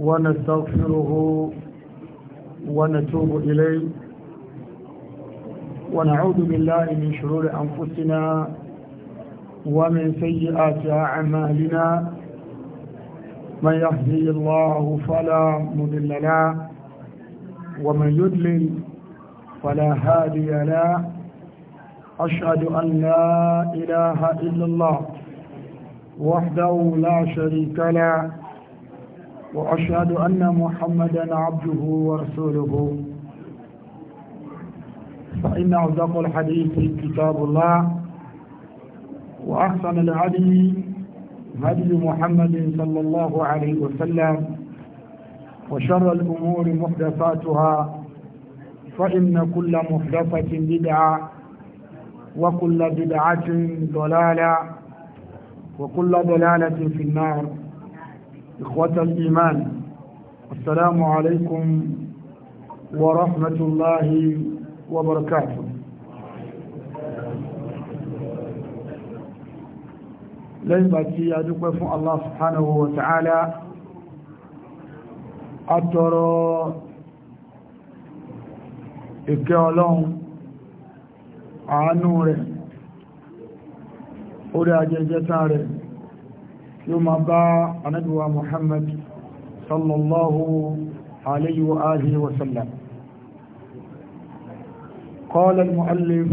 ونستغفره ونتوب إليه ونعوذ بالله من شرور أنفسنا ومن سيئات أعمالنا من يهدي الله فلا مضل له ومن يضلل فلا هادي له أشهد أن لا إله إلا الله وحده لا شريك له وأشهد أن محمدا عبده ورسوله فإن أصدق الحديث كتاب الله وأحسن الهدي هدي محمد صلى الله عليه وسلم وشر الأمور محدثاتها فإن كل محدثة بدعة وكل بدعة ضلالة وكل ضلالة في النار إخوة الإيمان السلام عليكم ورحمة الله وبركاته لن باتي أدوكم الله سبحانه وتعالى أترى إكيالون نوره أولا جيجتاري يوم máa ندوى محمد صلى الله عليه وآله وسلم قال المؤلف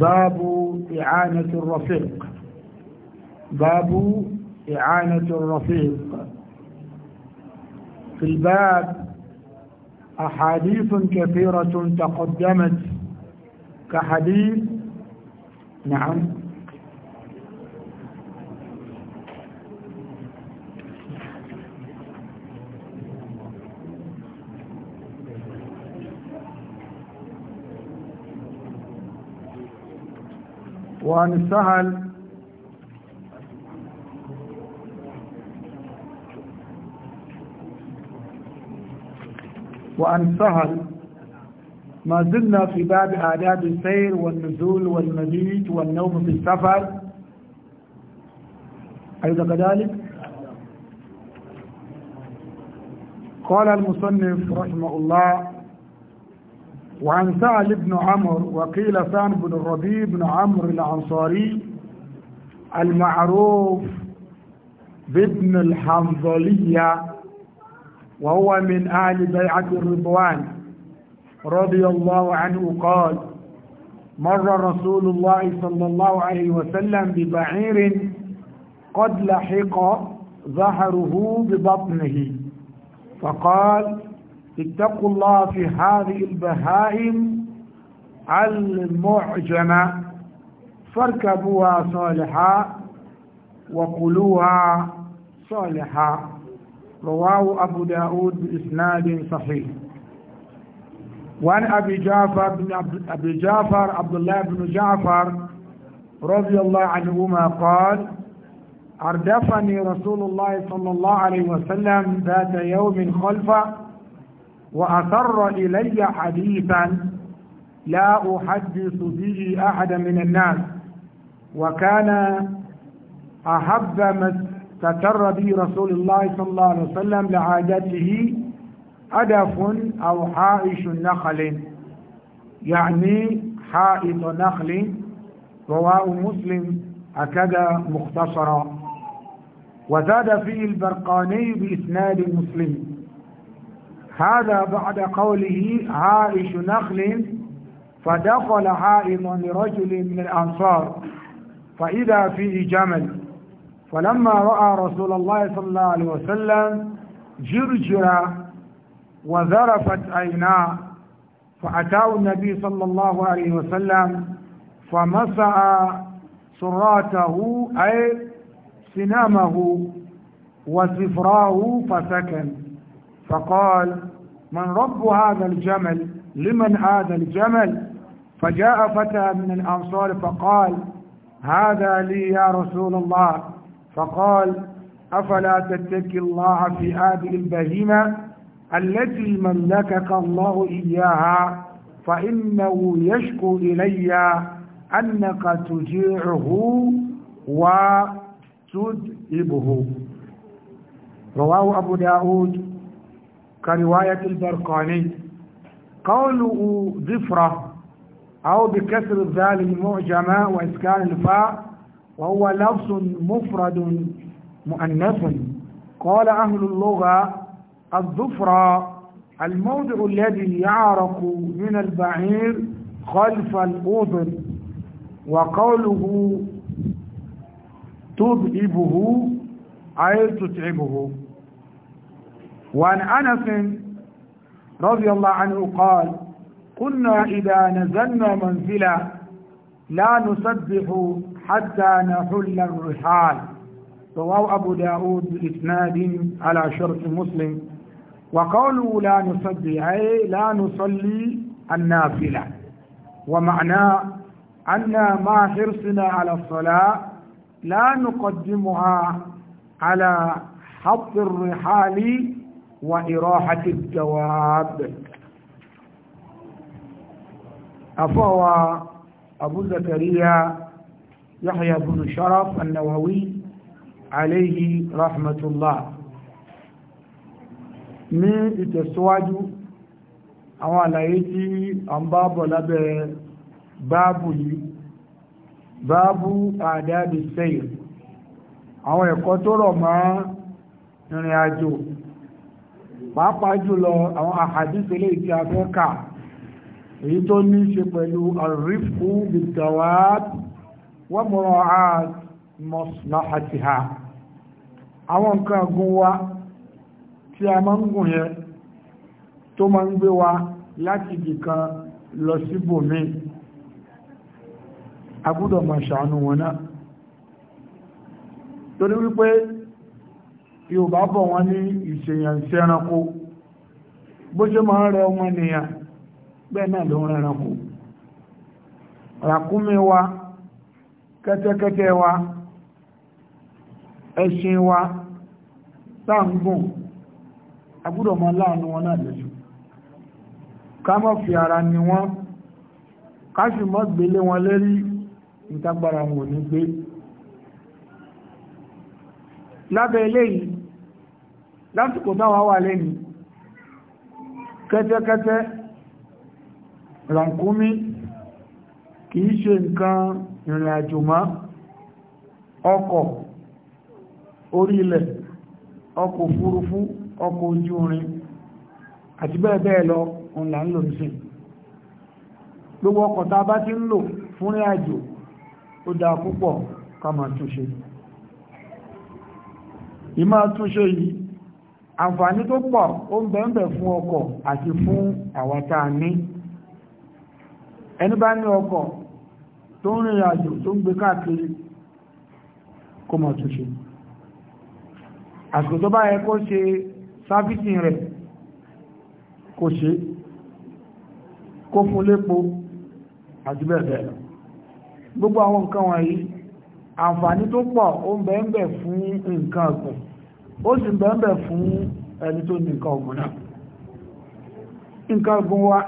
باب إعانة الرفيق باب إعانة الرفيق في الباب أحاديث كثيرة تقدمت كحديث نعم وعن السهل وعن سهل ما زلنا في باب آداب السير والنزول والمبيت والنوم في السفر أيضا كذلك؟ قال المصنف رحمه الله وعن سعد بن عمر وقيل سعد بن الربيع بن عمرو الأنصاري المعروف بابن الحنظلية وهو من أهل بيعة الرضوان رضي الله عنه قال مر رسول الله صلى الله عليه وسلم ببعير قد لحق ظهره ببطنه فقال اتقوا الله في هذه البهائم المعجمة فاركبوها صالحا وقلوها صالحا رواه أبو داود بإسناد صحيح وعن أبي جعفر بن أبي جعفر عبد الله بن جعفر رضي الله عنهما قال أردفني رسول الله صلى الله عليه وسلم ذات يوم خلفه وأسر إلي حديثا لا أحدث به أحدا من الناس وكان أحب ما استتر به رسول الله صلى الله عليه وسلم لعادته أدف أو حائش نخل يعني حائط نخل رواه مسلم هكذا مختصرا وزاد فيه البرقاني بإسناد مسلم هذا بعد قوله هائش نخل فدخل هائم لرجل من الأنصار فإذا فيه جمل فلما رأى رسول الله صلى الله عليه وسلم جرجرا وذرفت عيناه فأتاه النبي صلى الله عليه وسلم فمسع سراته أي سنامه وزفراه فسكن فقال من رب هذا الجمل لمن هذا الجمل فجاء فتى من الأنصار فقال هذا لي يا رسول الله فقال أفلا تتكي الله في هذه البهيمة التي ملكك الله إياها فإنه يشكو إلي أنك تجيعه وتذئبه رواه أبو داود كرواية البرقاني قوله ظفرة أو بكسر الذال المعجمة وإسكان الفاء وهو لفظ مفرد مؤنث قال أهل اللغة الظفرة الموضع الذي يعرق من البعير خلف الأذن وقوله تذئبه أي تتعبه وعن أنس رضي الله عنه قال كنا إذا نزلنا منزلا لا نسبح حتى نحل الرحال رواه أبو داود بإسناد على شرط مسلم وقالوا لا نصلي أي لا نصلي النافلة ومعناه أن مع حرصنا على الصلاة لا نقدمها على حط الرحال وإراحة الدواب أفوى أبو زكريا يحيى بن شرف النووي عليه رحمة الله ní ìtẹ̀síwájú àwọn àlàyé tí a ń bábọ̀ lábẹ́ báàbù yìí báàbù àdáàbì sẹ́yìn àwọn ẹ̀kọ́ tó rọ̀ mọ́ ìrìn àjò pàápàá jùlọ àwọn àhàdíṣẹ́ lè tí a fẹ́ kà èyí tó ní ṣe pẹ̀lú àrífù bìtàwà wọ́mọ̀rọ̀ àmọ́síláhàtíhà àwọn nǹkan gùn wa tí a máa ń gùn yẹ tó máa ń gbé wa láti dìkan lọ sí bòmí agbúdọ̀ wọn náà torí wípé Yorùbá bọ̀ wọn ní ìṣèyàn ẹranko bó ṣe máa ń rẹ ọmọ ènìyàn bẹ́ẹ̀ náà ló ń rẹranko ràkúnmí wa kẹ́tẹ́kẹ́tẹ́ wa ẹṣin wa táǹgùn agbúdọ̀ máa láàánú wọn náà wọn lérí ìtagbára lásìkò táwa wà lẹ́nu kẹ́tẹ́kẹ́tẹ́ rànkúmí kìí ṣe nǹkan ìrìn àjò má ọkọ̀ orílẹ̀ ọkọ̀ òfúrufú ọkọ̀ ojú orin àti bẹ́ẹ̀ bẹ́ẹ̀ lọ òun là ń lò sí gbogbo ọkọ̀ tá a bá ti ń lò fún àjò ó dáa púpọ̀ ká máa túnṣe ìmáa túnṣe yìí àǹfààní tó pọ̀ ó ń bẹ̀ẹ̀bẹ̀ fún ọkọ̀ àti fún àwátá ní ẹni bá ní ọkọ̀ tó ń rìnrìn àjò tó ń gbé káàkiri kó mọ̀ tó ṣe àsìkò tó bá yẹ ṣe sáfíìsì rẹ̀ kó ṣe kó fún lépo àti bẹ́ẹ̀ gbogbo àwọn nǹkan wọ̀nyí àǹfààní tó pọ̀ ó ń bẹ̀ẹ̀bẹ̀ fún nǹkan ọ̀gbìn ó sì bẹ̀ẹ̀bẹ̀ fún ẹni tó ní nǹkan ọ̀gùn náà nǹkan ọ̀gùn wa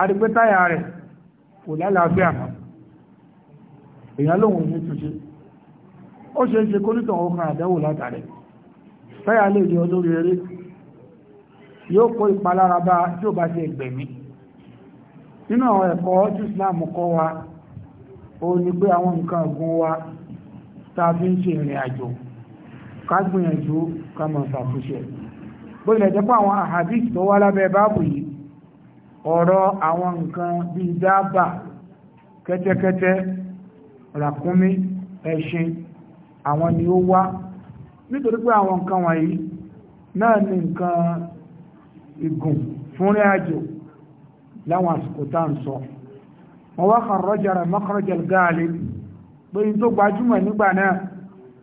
adìpẹ́tàyà rẹ̀ kò lálàáfíà mọ́ lóhun ní túnṣe ó ṣe é ṣe kó nítàn àdẹ́wò látàrí fẹ́yà lè di olórí eré yóò kó ìpalára bá tí ó bá ṣe ẹgbẹ̀mí nínú àwọn ẹ̀kọ́ tí Islam kọ́ wa a fi ń ká gbìyànjú ká máa ṣàtúnṣe bó ilẹ̀ jẹ́ pé àwọn ahadith tó wá lábẹ́ báàbù yìí ọ̀rọ̀ àwọn nǹkan bíi dábà kẹ́tẹ́kẹ́tẹ́ ràkúnmí ẹṣin àwọn ni ó wá nítorí pé àwọn nǹkan wọ̀nyí náà ni nǹkan ìgùn fúnrẹ́ àjò láwọn àsìkò tá à ń sọ wọ́n wá kàn rọ́jà rẹ̀ mọ́kànlá jẹ̀ tó gbajúmọ̀ nígbà náà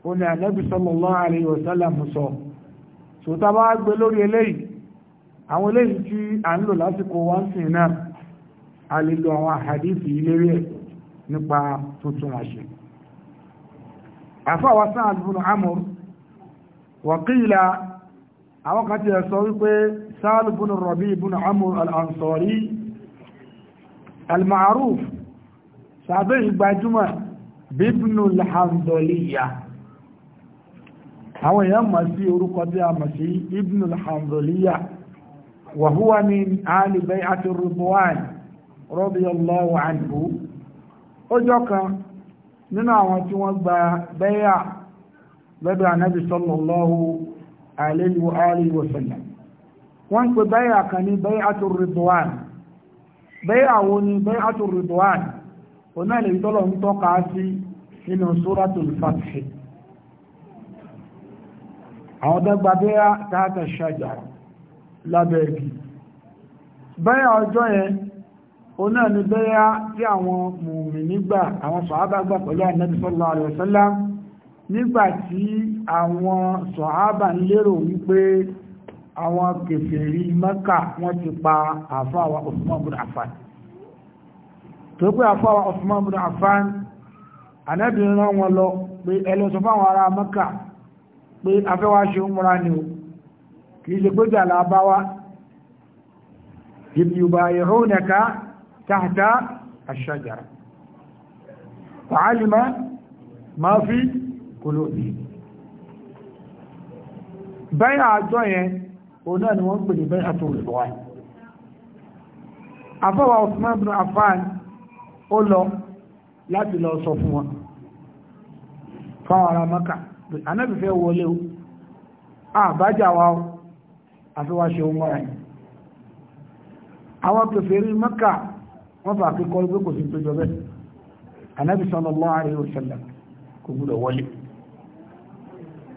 ó ní ànábì sallallahu alaihi wasallam sọ sòtá bá gbé lórí eléyìí àwọn eléyìí tí à ń lò lásìkò wọn sìn náà a lè lo àwọn àhàdíìsì ìlérí ẹ̀ nípa tuntun àṣẹ àfáwà sáà dùn àmọ́ wàkílà àwọn kan ti ẹ̀ sọ wípé sáàlù bùn rọ̀bí bùn amur al'ansọ̀rí al-ma'aruf sàbẹ̀ ìgbàjúmọ̀ bíbùnù àwọn èèyàn mọ̀ sí orúkọ tí a mọ̀ ibn al-hanzaliya wa huwa min ali bay'ati ridwan radiyallahu anhu ọjọ́ kan nínú àwọn tí wọ́n gba bẹ́yà lọ́dọ̀ sallallahu alayhi wa wa wọ́n pè bẹ́yà kan ní bay'atu ridwan bẹ́yà wo ni bay'atu ridwan onáìlẹ̀ ìtọ́lọ̀ ń tọ́ka sí nínú suratul àwọn dọ́gba bẹ́yà tààtà ṣàjà lábẹ́ igi bẹ́yà ọjọ́ yẹn o náà ni bẹ́yà tí àwọn mùmí nígbà àwọn sọ̀hábà gbà pẹ̀lú ànábì sallallahu alaihi wasallam nígbà tí àwọn sọ̀hábà ń lérò wípé àwọn kèfèrí mẹ́kà wọ́n ti pa àfáwà Usman bin Affan pé afẹ́wáṣe múra ni o kìí ṣe pé jà lábáwá ìbìyùbà ìrónẹ̀ká tàhtà àṣàjára fàálìmá máa fi kòlò ní bẹ́yà àjọ yẹn o náà ni wọ́n pè ní bẹ́yà tó rẹ̀ wáyé afọ́wà Usman ó lọ láti lọ sọ fún wọn fáwọn ará Mákà anábì fẹ́ wọlé o àbájá wa o àfiwá ṣe ohun mọ́ra yìí àwọn kèfèrí Mẹ́kà wọ́n fà kíkọ́ pé kò sí péjọ bẹ́ẹ̀ anábì sallallahu alaihi wasallam kò gbúdọ̀ wọlé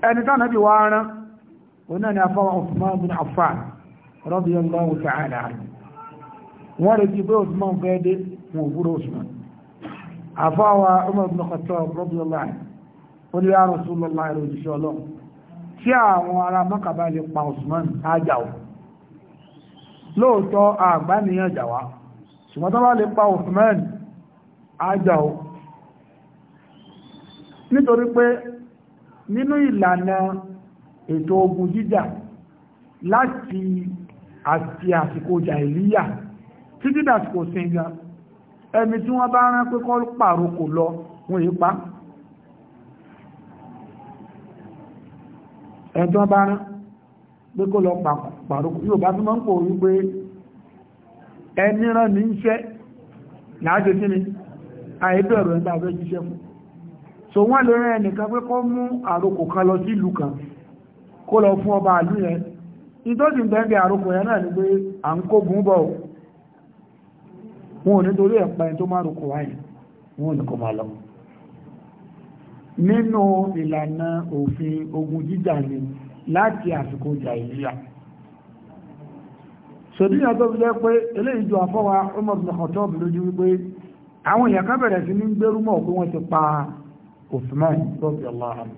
ẹni tánàbì wá rán òun náà ni afọ́wọ́ Uthman bin Affan radiyallahu ta'ala anhu wọ́n retí pé Uthman fẹ́ dé wọn ò Umar bin Khattab radiyallahu ó ní ya Rasulullah ẹ̀rọ òjíṣẹ́ ọlọ́run tí àwọn ará mọ́kàbá lè pa Usman ájà o lóòótọ́ àgbáníyàn jàwá ṣùgbọ́n tó bá lè pa Usman ájà o nítorí pé nínú ìlànà ètò ogun jíjà láti àti àsìkò jàìlíyà títí dàsìkò singa ẹni tí wọ́n bá rán pé pàrokò lọ wọ́n yí pa ẹjọ́ bá rán pé kó lọ pàrókù yóò bá túnmọ́ ń pò wípé ẹni rán ní iṣẹ́ láàájò kí ni àìbẹ̀rù ẹgbà abẹ́ jíṣẹ́ fún so wọ́n lè rán ẹnìkan pé mú àrokò kan lọ sí ìlú kan kó lọ fún ọba àlú yẹn àrokò yẹn náà ni pé à ń kó bọ̀ wọn ò nítorí ẹ̀pa ẹni tó má rokò wáyé nínú ìlànà òfin ogun jíjà ni láti àsìkò jàìlíyà sòdíyà tó fi jẹ́ pé eléyìí ju àfọwà Umar bin Khattab wípé àwọn èèyàn kan bẹ̀rẹ̀ sí ní gbérúmọ̀ pé wọ́n ti pa Uthman radiyallahu anhu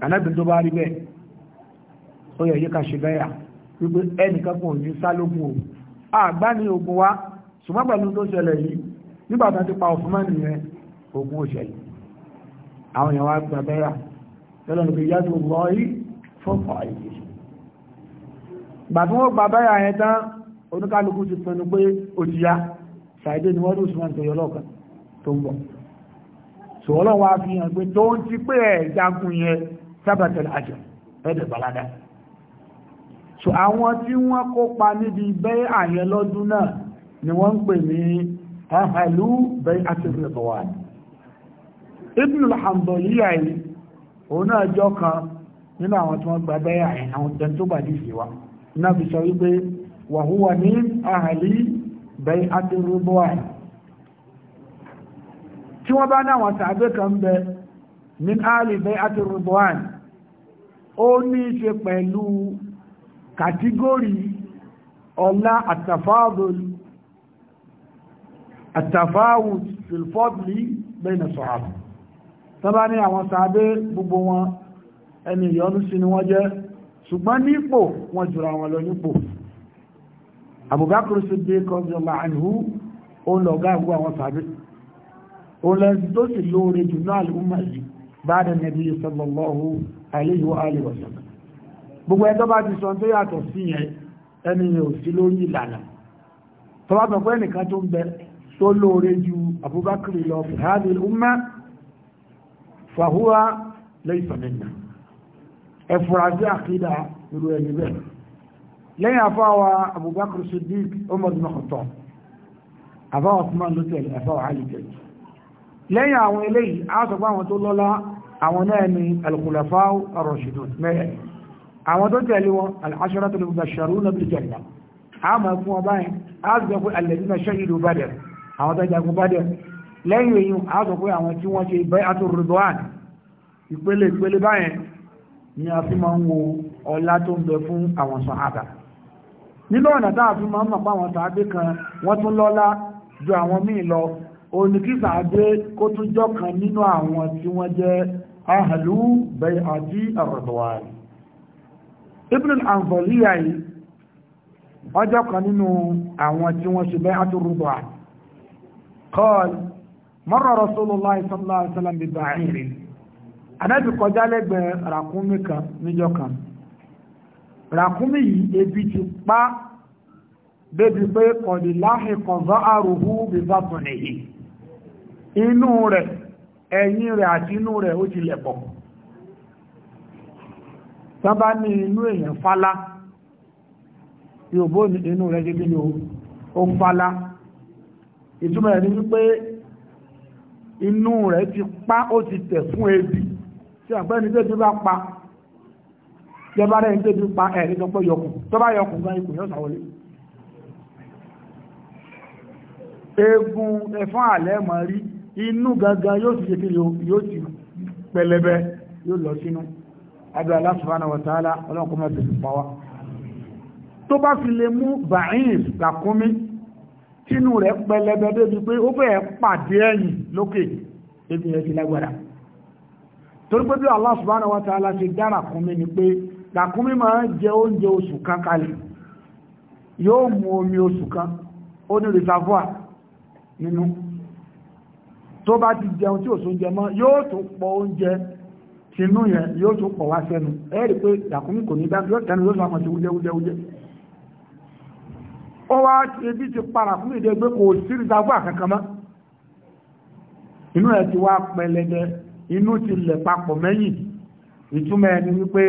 anábì tó bá rí bẹ́ẹ̀ ó yẹ yíká ṣe bẹ́yà wípé ẹnìkan kan ò ní sálógún o àgbá ní ogun wa ṣùgbọ́n pẹ̀lú tó ṣẹlẹ̀ yìí nígbà tó ti pa nìyẹn ogun ò ṣẹlẹ̀ àwọn èèyàn wá gba bẹ́rà lọ́lọ́ ní pé yàtò lọ rí fọ́fọ́ àìyè gbàtí wọ́n gba bẹ́rà yẹn tán oníkálukú ti pinnu pé ó ti yá ṣàìdé ni wọ́n rí òṣùwọ̀n tó yọ lọ́ọ̀kan tó ń bọ̀ ṣùgbọ́n lọ́wọ́ a fi hàn pé tó ń ti pé ẹ̀ jagun yẹn sábàtẹ̀lẹ̀ àjọ ẹ̀dẹ̀ balada so àwọn tí wọ́n kópa níbi bẹ́ẹ̀ àyẹn lọ́dún náà ni wọ́n ń pè ní ahalu bẹ́ẹ̀ àti rẹ̀ ibn al-hanbaliya yìí òun náà jọ kan nínú àwọn tí wọ́n gba bẹ́yà yìí àwọn tẹ́ni tó gbàdí sí wa náà fi sọ wípé wàhúwa ní ahàlí bẹ́ẹ̀ adérúbọ́à tí wọ́n bá ní àwọn kan bẹ ní ahàlí bẹ́ẹ̀ adérúbọ́à ó ní ṣe pẹ̀lú kàtígórì ọlá àtàfáàdùl àtàfáàwùd fìlfọ́dùlì bẹ́ẹ̀ nà sọ̀rọ̀ tọ́bá ní àwọn sàábé gbogbo wọn ẹni ìyọnú sí ni wọ́n jẹ́ ṣùgbọ́n nípò wọ́n jùra wọn lọ nípò Abubakar Siddiq kọjọlá àìhú ó lọ gáàgbó àwọn sàábé ó lẹ́sí tó sì lóore jù náà lùmọ̀ yìí bá dẹ̀ nẹ̀bí sallallahu alaihi wa sallam gbogbo ẹ̀ tọ́bá ti sọ tó yàtọ̀ sí yẹn ẹni yẹn ò sí lórí ìlànà tọ́bá fàhúwá laysa minna ẹ̀fùrasí àkídà irú ẹni bẹ́ẹ̀ lẹ́yìn afáwa Abubakar Siddiq Umar bin Khattab afáwa Usman ló tẹ̀lé afáwa Ali tẹ̀lé lẹ́yìn àwọn eléyìí a sọ pé àwọn tó lọ́lá àwọn náà ni al-khulafa ar-rashidun mẹ́rẹ̀ àwọn tó tẹ̀lé wọn al-asharatu al-mubashsharuna bil jannah a máa fún ọ báyìí a sọ pé alladhina shahidu àwọn tó jagun Badr lẹ́yìn èyí a sọ pé àwọn tí wọ́n ṣe bẹ́ àtòrìdọ́àn ìpele ìpele báyẹn ni a fi máa ń wo ọlá tó ń bẹ fún àwọn sàhábà nínú ọ̀nà tá a fi máa ń mọ̀ pé àwọn sàábé kan wọ́n tún lọ́lá ju àwọn míì lọ òní kí sàábé kó tún jọ kan nínú àwọn tí wọ́n jẹ́ ahàlú bẹ́ àti àrọ̀dọ̀wàn Ibn al-Anzaliya yìí ọjọ́ kan nínú àwọn tí wọ́n ṣe bẹ́ àtòrìdọ́àn kọ́ọ̀lù mọ́rọ̀ rasulullah sallallahu alaihi wasallam bíi bàáyìrì anábì kọjá kan níjọ́ kan ràkúnmí ebi ti pa débi pé kọ̀dí láhì kọ̀zọ́ àrùhù àti inú rẹ̀ ó ti lẹ̀pọ̀ tán bá ní inú èèyàn yóò bó inú ni ó ìtumọ̀ ẹ̀ ni wípé inú rẹ̀ ti pa ó ti tẹ̀ fún ebi tí àgbẹ́ni tó ti bá pa jẹba rẹ̀ tó ti pa ẹ̀rí tó pé yọkùn tó bá yọkùn gan ikùn yóò sàwọlé eegun ẹ̀fọn àlẹ́ mọ̀ rí inú gangan yóò ti ṣèkiri yóò ti pẹlẹbẹ yóò lọ sínú abẹ́ Allah subhanahu wa ta'ala ọlọ́nkọ́mọ́ ti fi pa wá tó bá fi lè mú bàáyìn làkúnmí tínú rẹ̀ pẹlẹbẹ débi pé ó fẹ́ pàdé ẹ̀yìn lókè ebi rẹ̀ ti lágbára torí pé bí ṣe ni pé ràkúnmí máa ń jẹ oúnjẹ oṣù kan kalẹ̀ yóò omi oṣù kan ó ní reservoir nínú tó bá ti jẹun tí òṣùn jẹ mọ́ yóò tún oúnjẹ tinú yẹn yóò tún pọ̀ wá sẹ́nu pé kò ní dá yóò tẹnu yóò sọ ó wá ebi ti para fún ìdẹ́gbẹ́ kò sí ìdágbà kankan mọ́ inú ẹ̀ ti wá pẹlẹdẹ inú ti lẹ̀ papọ̀ mẹ́yìn ìtumọ̀ ẹni wípé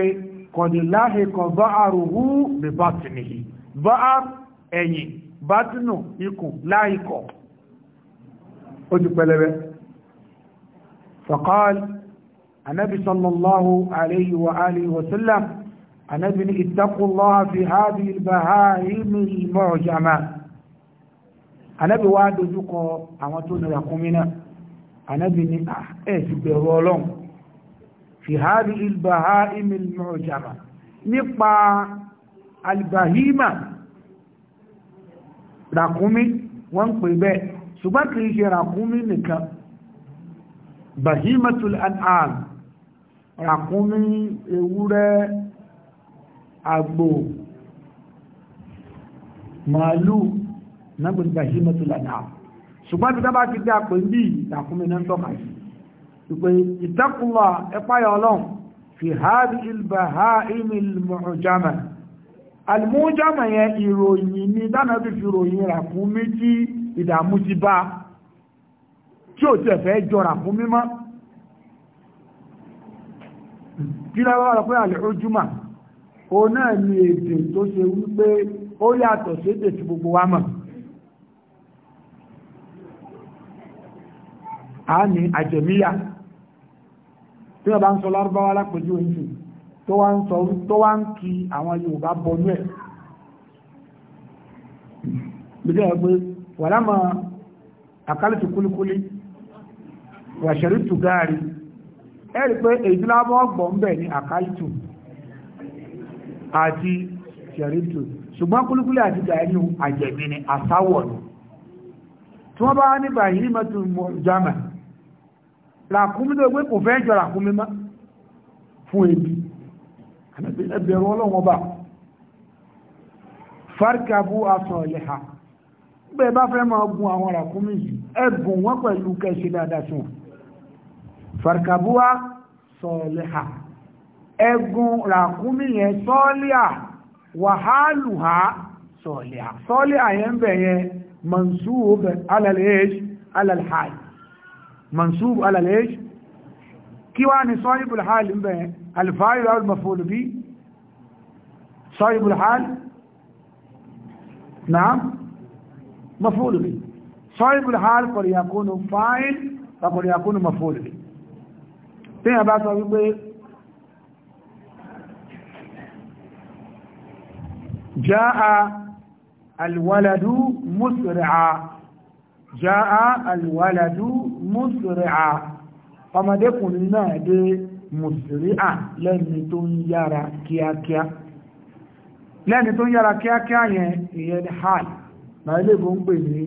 kọ̀dìláhì kan bá àrùhú bí bátìnìhì bá ẹ̀yìn bátìnù ikùn láìkọ̀ ó ti pẹlẹbẹ faqal anábì sallallahu alayhi wa alihi anábì ní ittaqullah fi hadhihi al-baha'im al-mu'jama anábì wá dojúkọ àwọn tó nira kúnmí náà anábì ní ah, ẹ̀ sì bẹ̀rù ọlọ́run fi hadhihi al-baha'im al-mu'jama nípa albahima ràkúnmí wọ́n ń pè bẹ́ẹ̀ ṣùgbọ́n kìí ṣe ràkúnmí nìkan bahimatul an'am ràkúnmí ewúrẹ́ àgbò màálù nágbègbè ìmọ̀tòlànà ṣùgbọ́n ti dábàá ti dá pé bí ìtàkùnmí náà tọ́ka sí ìpè ìtàkùnlá ẹ̀páyà ọlọ́run fi hàbí ìlbàhá ìmì yẹn ìròyìn fi ròyìn ràkúnmí tí ìdààmú ti bá tí ò jọ ràkúnmí mọ́ òun náà ni èdè tó ṣe wípé ó yàtọ̀ sédè tí gbogbo wa mọ̀ a ní àjẹmíyà tí wọ́n bá ń sọ lárúbáwá lápòjú oṣù tó wá ń sọ tó wá ń kí àwọn Yorùbá bọnú ẹ̀ gbígbé ẹ̀ pé wà lámà àkálùtù kúlíkúlí wà ṣẹ̀rìtù gáàrí ẹ̀rí pé èyí lábọ́ ọgbọ̀n bẹ̀ ní àkálùtù àti ṣẹ̀rìtù ṣùgbọ́n kúlúkúlú àti gàárì àjẹ̀bí ni àsáwọ̀ ni tí wọ́n bá ní bàyìí mẹ́tù jama làkúmí tó gbé kò fẹ́ jọ làkúmí má fún ebi ẹbẹ̀rún ọlọ́wọ́n bá farkabu aṣọ ìlẹ́ha bẹ́ẹ̀ bá fẹ́ máa gun àwọn làkúmí yìí ẹbùn wọ́n pẹ̀lú kẹ́ dáadáa sí wọn farkabu aṣọ ìlẹ́ha ẹ̀gùn ràkúnmí yẹn sọ́ọ́líà wàhálùhá sọ́ọ́líà sọ́ọ́líà yẹn bẹ̀ yẹn mansub alalẹ́ẹ̀ṣ alalhaj mansub alalẹ́ẹ̀ṣ kí wá ní sọ́ọ́líbùl hàl ń bẹ̀ alfáàrí ráwùl mafúlù bí sọ́ọ́líbùl hàl náà mafúlù bí sọ́ọ́líbùl hàl kọ̀rìyàkúnù fáìl kọ̀rìyàkúnù mafúlù bí tí a bá sọ wípé جاء الولد مسرعا جاء الولد مسرعا ọmọdékùnrin náà dé mùsùlùmí lẹ́ni tó ń yára kíákíá lẹ́ni tó ń yára kíákíá yẹn ìyẹn ni hal na ilé ìbò ń pè ní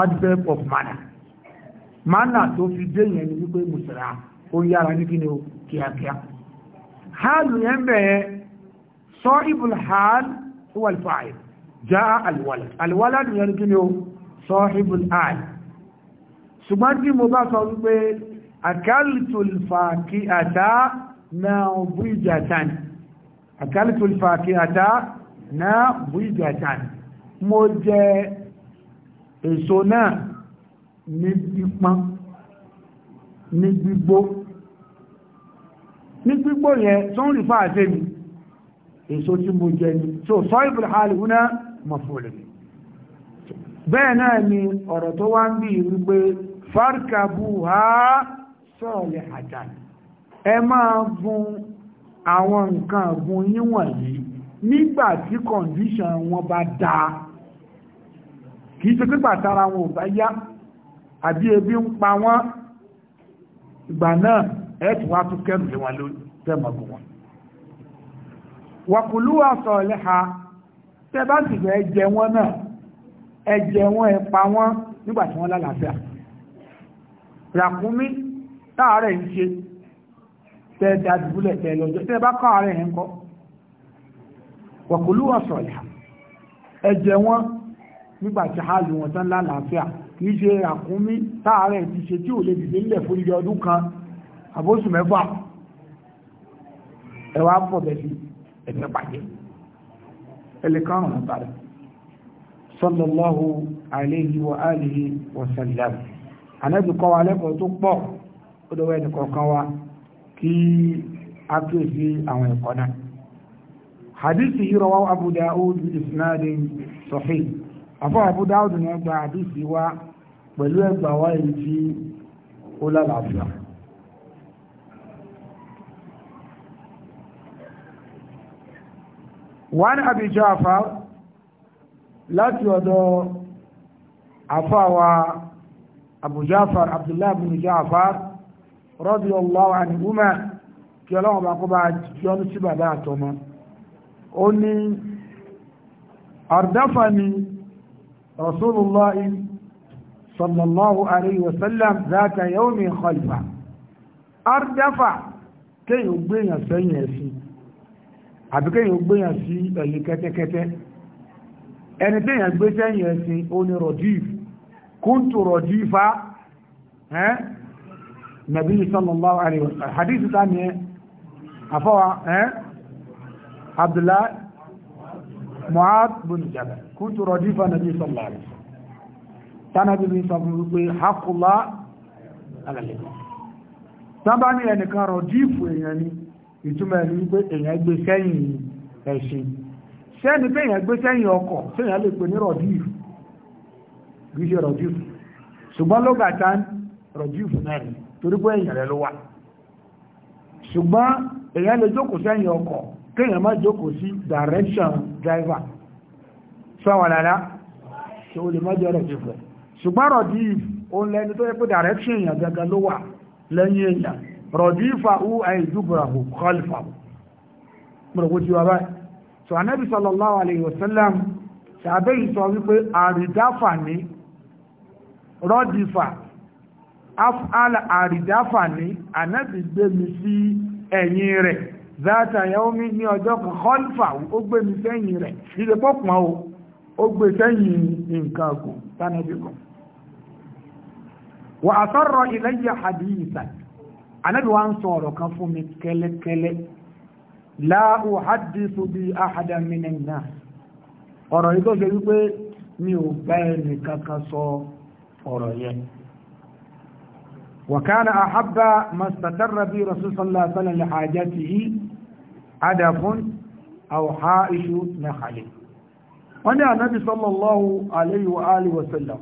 adverb of manner manner tó fi dé yẹn ni wípé mùsùlùmí ó yára ní kíni kíákíá hal yẹn bẹ̀ẹ́ sọ ibùl hal huwa al-fa'il jaa al-walad al-walad ni ẹni kí ni ó sahibul aal ṣùgbọ́n tí mo bá sọ wípé akaltul faqi'ata na'bijatan akaltul faqi'ata na'bijatan mo jẹ èso náà ní pípọ́n ní gbígbó ní gbígbó yẹn tó ń rí fáà tèmi èso tí mo jẹ ni so sọ́ìbù hàlùwúná mọ̀fúnlẹ̀ bẹ́ẹ̀ náà ni ọ̀rọ̀ tó wá ń bí wípé fárkàbù ha sọ́ọ̀lẹ̀ àjàn ẹ máa gun àwọn nǹkan gun níwọ̀nyí nígbà tí kọ̀ǹdíṣàn wọn bá dáa kìí ṣe pípà tara wọn ò bá yá àbí ebi ń pa wọn ìgbà náà ẹ̀ tí wá tún kẹrù lé wọn lórí tẹ́mọ̀gùn wàkùlú àsọ̀ lẹ́ha tẹ́ bá sì fẹ́ jẹ wọn náà ẹ jẹ wọn ẹ pa wọn nígbà tí wọ́n lálàáfíà ràkúnmí táàárẹ̀ ń ṣe tẹ́ dàdúgbúlẹ̀ tẹ́ lọ́jọ́ tẹ́ bá kọ́ àárẹ̀ ń kọ́ wàkùlú àsọ̀ lẹ́ha ẹ jẹ wọn nígbà tí hálù wọn tán lálàáfíà kìí ṣe ràkúnmí táàárẹ̀ ti ṣe tí ò lè dìde nílẹ̀ fún ọdún kan àbóṣù mẹ́fà ẹ̀wà pọ̀ bẹ̀ ẹ̀fẹ́ pàdé ẹlẹ́kàrùn ún parí sallallahu alayhi wa alihi wa sallam anábì kọ́ wa lẹ́kọ̀ọ́ tó pọ̀ ó dọ́wọ́ ẹnì kọ̀ọ̀kan wa kí a kíyèsí àwọn ẹ̀kọ́ náà hadisi yìí rawahu abu da'ud bi isnadin sahih afọ abu da'ud ni gba hadisi wa pẹ̀lú ẹgbàá wa èyí tí ó lálàáfíà wọ́n àbí Ja'far láti ọ̀dọ̀ àfáwà Abu Ja'far Abdullahi bin Ja'far radiyallahu anhuma kí ọlọ́wọ́n bá kó bá yọ́nú sí bàbá àtọmọ ó ní ardafani rasulullahi sallallahu alayhi wa sallam zata yawmin khalfa ardafa kéyìn gbéyàn sẹ́yìn ẹ̀sìn àbíkẹ́yìn ó gbéyàn sí ẹ̀yìn kẹ́tẹ́kẹ́tẹ́ ẹni tẹ́yàn gbé sẹ́yìn ẹ̀sìn ó ní rọ̀díf kúntù rọ̀dífà ẹ́ nàbí sallallahu alaihi hadithi hadith tani ẹ́ afọ́wà ẹ́ abdullah mu'ad bin jabal kúntù rọ̀dífà nàbí sallallahu alaihi wasallam tánàbí bí sọ́fún wípé haqqullah alàlẹ́kọ̀ọ́ ìtumọ̀ ẹni wípé èèyàn gbé sẹ́yìn ẹ̀sìn sẹ́ni pé èèyàn gbé sẹ́yìn ọkọ̀ sẹ́yìn lè pè ní rọ̀díìfù kì í ṣe rọ̀díìfù ṣùgbọ́n ló gàtà rọ̀díìfù náà ni torí pé èèyàn rẹ̀ ló wà ṣùgbọ́n èèyàn lè jókòó sẹ́yìn ọkọ̀ kéèyàn má jókòó sí direction driver sọ́wọ́lára tí ó lè má jẹ́ rọ̀díìfù ṣùgbọ́n rọ̀díìfù ó lẹ́ni tó yẹ pé direction èèyàn gẹ́gẹ́ ló wà lẹ́yìn èèyàn rọ̀dífàú àìjúbùràhù kọlfàú mọ̀rọ̀kútí wa báyìí so anábi sallallahu alaihi wasallam ṣàbẹ́ ìsọ wípé àrídáfà ní rọ́dífà af'ala àrídáfà ní anábi gbé mi sí ẹ̀yìn rẹ̀ záàtà yaomi ní ọjọ́ kan kọlfàú ó gbé mi sẹ́yìn rẹ̀ ilé pọ́pọ̀ o ó gbé sẹ́yìn hadithan anábì wa ń sọ ọ̀rọ̀ kan fún mi kẹ́lẹ́kẹ́lẹ́ la uhaddisu bi ahadan minan nas ọ̀rọ̀ yìí tó ṣe wípé mi ò bá ẹnì kankan sọ ọ̀rọ̀ yẹn وكان أحب ما استقر به رسول صلى الله عليه وسلم لحاجته أدف أو حائش نخل وأنا النبي صلى الله عليه وآله وسلم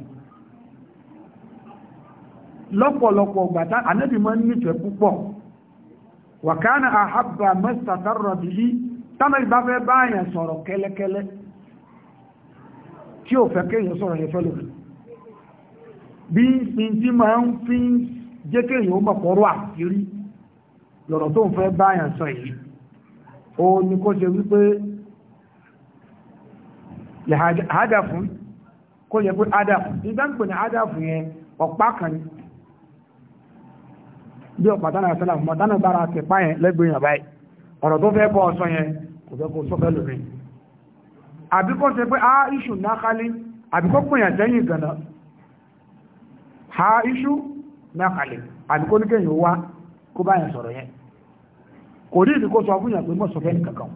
lọ́pọ̀lọpọ̀ gbàtà ànábì máa ń púpọ̀ wàkánà àhábà mẹ́sàtàrọ̀ bí i tánà ìbáfẹ́ báyàn sọ̀rọ̀ kẹ́lẹ́kẹ́lẹ́ tí ó fẹ́ kéèyàn sọ̀rọ̀ yẹ fẹ́lò bí i tí ma ń fi jẹ́ kéèyàn ó ní kó ṣe n'i ọ̀pá kan ni bí ọ̀pá tánà sẹ́là bára ti pa lẹ́gbẹ̀ẹ́ yàn báyìí ọ̀rọ̀ tó fẹ́ bọ́ ọ̀sọ́ yẹn kò fẹ́ kó sọ́fẹ́ lómi àbí ṣe pé ah iṣu nákálí àbí kó sẹ́yìn gànà ha wá kó bá sọ̀rọ̀ yẹn kò rí sọ fún yàn pé mọ̀ nìkankan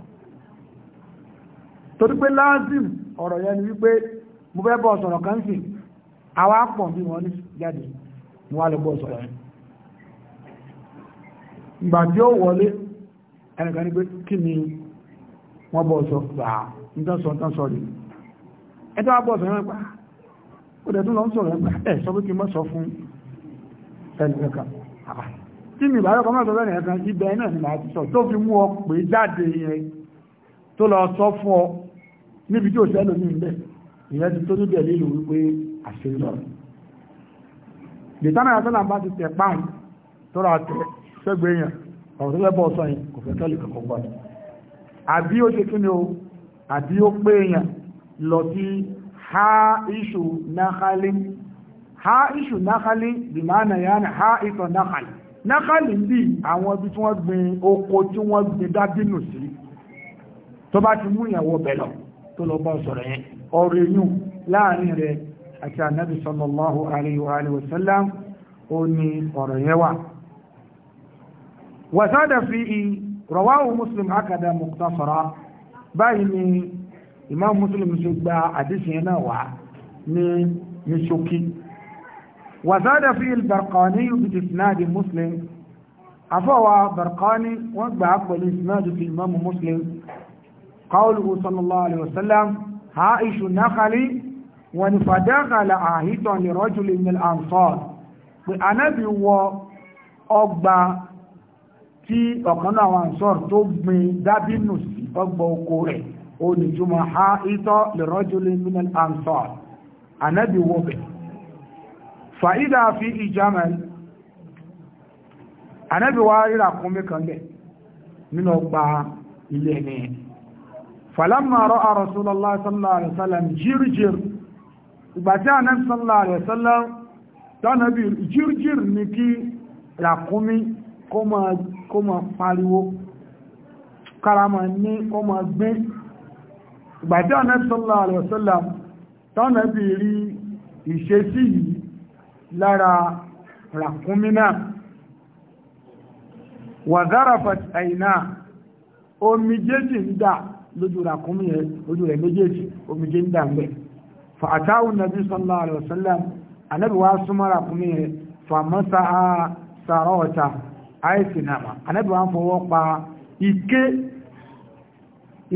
torí pé láàzìm ọ̀rọ̀ yẹn ni wípé mo fẹ́ bọ́ kan bí jáde mo ìgbà tí ó wọlé ẹnìkan ní pé kí ni wọ́n bọ́ sọ gbàá ìtọ́sọ̀ ìtọ́sọ̀ rí ẹjọ́ àbọ̀sọ̀ rẹ̀ pa ó dẹ̀ tún lọ ń sọ̀rọ̀ ẹgbà ẹ̀ sọ pé kí mọ́ sọ fún ẹnìkan ah, tí mi bá rọ́kọ́ mọ́sọ̀ lẹ́nìí ẹ̀kan ibẹ̀ náà ni màá ti sọ tó fi mú ọ pé jáde yẹn tó lọ sọ fún ọ níbi tí ò sẹ́nu ní ilẹ̀ ìyẹn ti tó níbẹ̀ lílo wípé àṣeyọrọ lè tánà yàtọ̀ làǹbá ti tẹ̀ páàlì tó ra tẹ̀ sẹ́gbẹ̀ẹ́ yẹn ọ̀rọ̀ tẹ́lẹ́bọ̀ ọ̀sán yìí kò fẹ́ kẹ́lì kankan gbà àbí ó ṣe kíni o àbí ó pé èèyàn lọ sí ha iṣu náhálí ha iṣu náhálí bí máa nà yá ha ìtọ̀ náhálí náhálí ń bí àwọn ibi tí wọ́n gbin oko tí wọ́n gbin dábínù sí tó bá ti mú ìyàwó bẹ̀lọ̀ tó lọ bá sọ̀rọ̀ yẹn ọ̀rọ̀ inú láàrin rẹ̀ àti ànábì sallallahu alaihi wa sallam ó ní ọ̀rọ̀ yẹn wà وزاد فيه رواه مسلم هكذا مقتصرا باين امام مسلم سيغبا حديث هنا وا نشوكي وزاد فيه البرقاني باسناد مسلم عفوا برقاني وقع بالاسناد في امام مسلم قوله صلى الله عليه وسلم عائش النخلي ونفدخل عاهدا لرجل من الانصار بأنبي وأقبى tí ọ̀kan náà wọn sọ̀rọ̀ tó gbin dábínù sí ọgbọ̀ oko rẹ̀ olùjùmọ̀ ha ìtọ́ lẹ́rọ́júlé minal ansar anábì wọ́bẹ̀ fàídà fi ìjámẹ́lì anábì wá ríra kúnmí kan lẹ̀ nínú ọgbà ilé ẹni falamma ra'a kó mọ̀ pariwo karama ní kó mọ̀ gbé ìgbàtí ọ̀nà sọ́lá àlọ́sọ́lá tọ́nà bí rí ìṣesí yìí lára ràkúnmínà wàzárafat àìná omi jẹ́jì ń dà lójú ràkúnmí ojú rẹ̀ méjèèjì omi jẹ́ ń dà ń bẹ̀ fàtàwọn nàbí sọ́lá àlọ́sọ́lá anábíwá súnmọ́ ràkúnmí rẹ̀ fàmọ́sà sàrọ́ọ̀ta àìsì nàmà anábì wọn fọwọ́ pa ike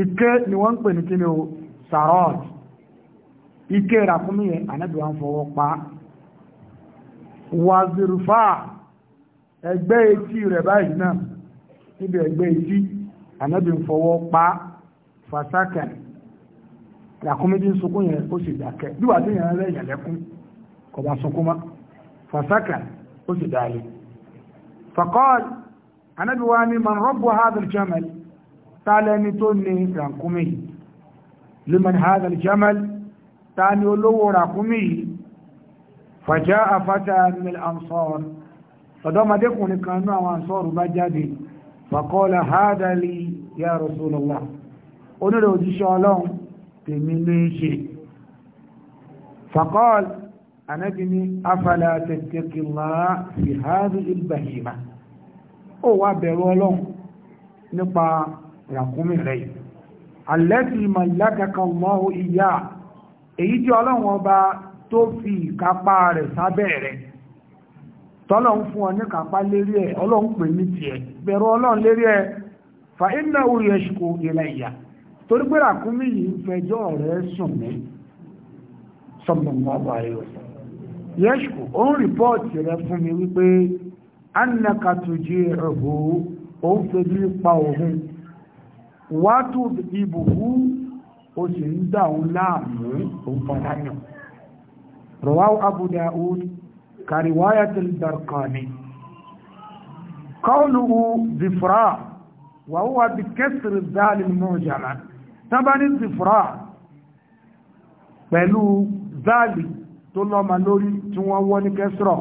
ike ni wọ́n ń pè ní kí ni o sarod ike ràkúnmí yẹn anábì wọn fọwọ́ pa wàzìrùfà ẹgbẹ́ etí rẹ̀ báyìí náà níbi ẹgbẹ́ etí anábì ń fọwọ́ pa fasakan ràkúnmí tí ń sunkún yẹn ó sì dákẹ́ bí wàá tí yẹn rẹ̀ yẹn lẹ́kún kò sunkún mọ́ fasakan ó sì dáa faqal anábì wa ni man rabbu hadha al-jamal tálẹ́ni tó ní ràkúnmí liman hadha al-jamal ta ni olówó ràkúnmí yìí fàjá àfáta mil ansar ọ̀dọ́mọdékùnrin kan ní àwọn ansọ́rù bá jáde faqala hadha li ya rasulullah onírẹ̀ òjíṣẹ́ ọlọ́run tèmi ní í ṣe faqala ànábi afala tẹ̀tẹ̀kìlá fi ìbàhìmá ó wá bẹ̀rù ọlọ́run nípa ràkúnmí rẹ̀ ìyá èyí tí ọlọ́run ọba tó fi ìkápá rẹ̀ sábẹ́ rẹ̀ tọ́lọ́run fún ọ ní lérí ẹ̀ ọlọ́run pè ní tiẹ̀ ọlọ́run lérí ẹ̀ fa iná orí ẹ̀ṣùkò ilẹ̀ ìyá torí pé ràkúnmí yìí ń fẹjọ́ rẹ̀ sùn mí sọ́mọ́ yẹ́ṣù ó ń rìpọ́ọ̀tì rẹ fún mi wípé annakatuji ẹ̀hó ó ń fejú pa òun wá tó ibùhú ó sì ń dà òun láàmú òun padà yàn rọwáwó Abu Daud kàríwáyàtì darqani kọ́ọ̀lùwù zifra wàhúwà bí kẹsìrì dáàlì mọ́jàlá tábà ní zifra pẹ̀lú dáàlì tó lọ́mà lórí tí wọ́n wọ́n ní kẹsìrọ̀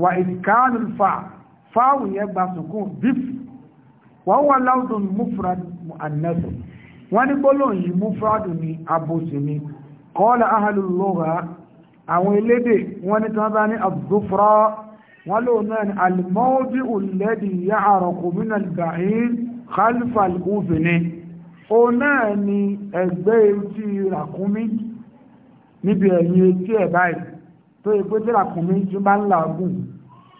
wà ìkánù fà fáwù yẹn gba sùkún bíf wọ́n wà láwùdùn múfúradù ànẹ́sù wọ́n ní gbólóhùn yìí múfúradù ní abòsì ni kọ́ọ̀lá ahàlù lọ́gà àwọn elédè wọ́n ní tí wọ́n ní àbúfúrọ́ wọ́n lóun náà ní àlùmọ́ọ́dì òlẹ́dì yá àrọ̀kù mínà ìgbàhín kálífà lùkúfìní òun náà ní ẹgbẹ́ etí ràkúnmí níbi ẹ̀yìn etí ẹ̀ báyìí tó yẹ pé tí ràkúnmí tí bá ń làágùn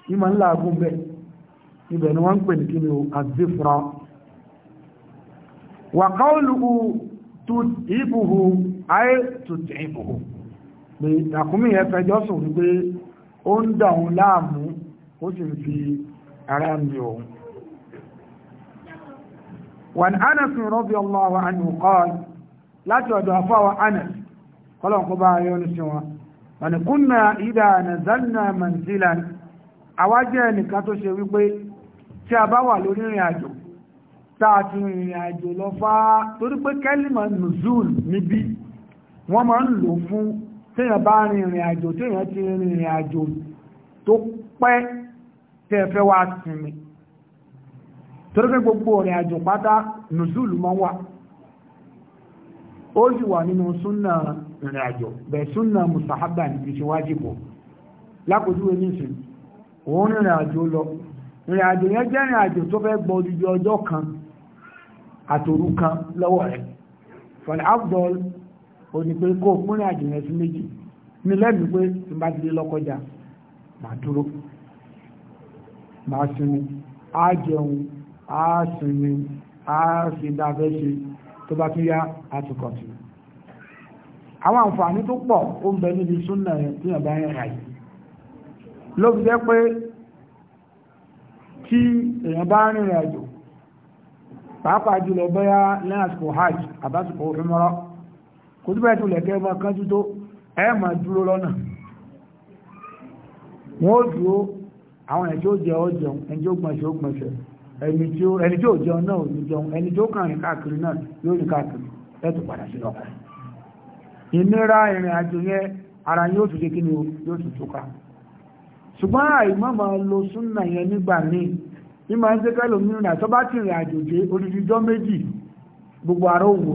ní máa ń làágùn bẹ́ẹ̀ ibẹ̀ ni wọ́n ń pè ní kí ni o àzífra wàkọ́ọ̀lù tùtìbùhù ayé tùtìbùhù pé ràkúnmí yẹn fẹjọ́ sùn wípé ó ń dà òun láàmú ó sì ń fi ara mi òun وعن أنس رضي الله عنه قال لا تعدوا أفاوى anas kọ́lọ̀n kó bá yọ́nu sí wọn wọ́n kúnnà ìdá nàzánà manzilan àwájẹ́ ẹnìkan tó ṣe wípé tí a bá wà lórí ìrìn àjò tá a ti rìnrìn àjò lọ fá torí pé kẹ́lìmọ̀ nùzúl níbí wọ́n máa ń lò fún téèyàn bá rìnrìn àjò téèyàn ti rìnrìn àjò tó pẹ́ tẹ́ẹ̀fẹ́ wá sinmi torí pé gbogbo ìrìn àjò pátá nùzúl máa wà ó sì wà nínú súnnà ìrìn àjò bẹ́ẹ̀ súnà mùsàhábà ní fi ṣe wájìbò lápòjúwe nísìn òun rìnrìn àjò lọ ìrìn àjò yẹn jẹ́ ìrìn àjò tó fẹ́ gbọ́ odidi ọjọ́ kan àtòru kan lọ́wọ́ rẹ̀ fọ̀lẹ̀ afdol ò ní pé kó pínrìn àjò yẹn sí méjì ní lẹ́nu pé tí bá ti dé lọ́kọjá màá dúró màá sinmi á jẹun á sinmi á fi dáfẹ́ ṣe tó bá tún yá á tún àwọn àǹfààní tó pọ̀ ó ń bẹ níbi súnà rẹ̀ tí ọ̀bá ń ra yìí ló fi jẹ́ pé tí èèyàn bá rìn rìn àjò pàápàá jùlọ bóyá lẹ́yìn àsìkò hajj àbásìkò ìmọ̀rọ̀ kò síbẹ̀ tó lẹ̀kẹ́ ọmọ kánjú tó ẹ mà dúró lọ́nà wọ́n ó dúró àwọn ẹ̀jẹ̀ ó jẹ ọjọ́ ẹni tí ó gbọ̀nsẹ̀ ó gbọ̀nsẹ̀ ẹni tí ó jẹun náà ò ní jẹun ẹni tí ó kàrin káàkiri náà yóò ní káàkiri ẹ̀ tó padà sí ọkọ̀ ìnira ìrìn àjò yẹn ara yóò tún kékeré yóò tún túká ṣùgbọ́n àìmọ́ máa lo súnà yẹn nígbà míì ní máa ń jẹ́ kẹ́lò mìíràn tó bá ti rìn àjò dé odidijọ́ méjì gbogbo ara òwò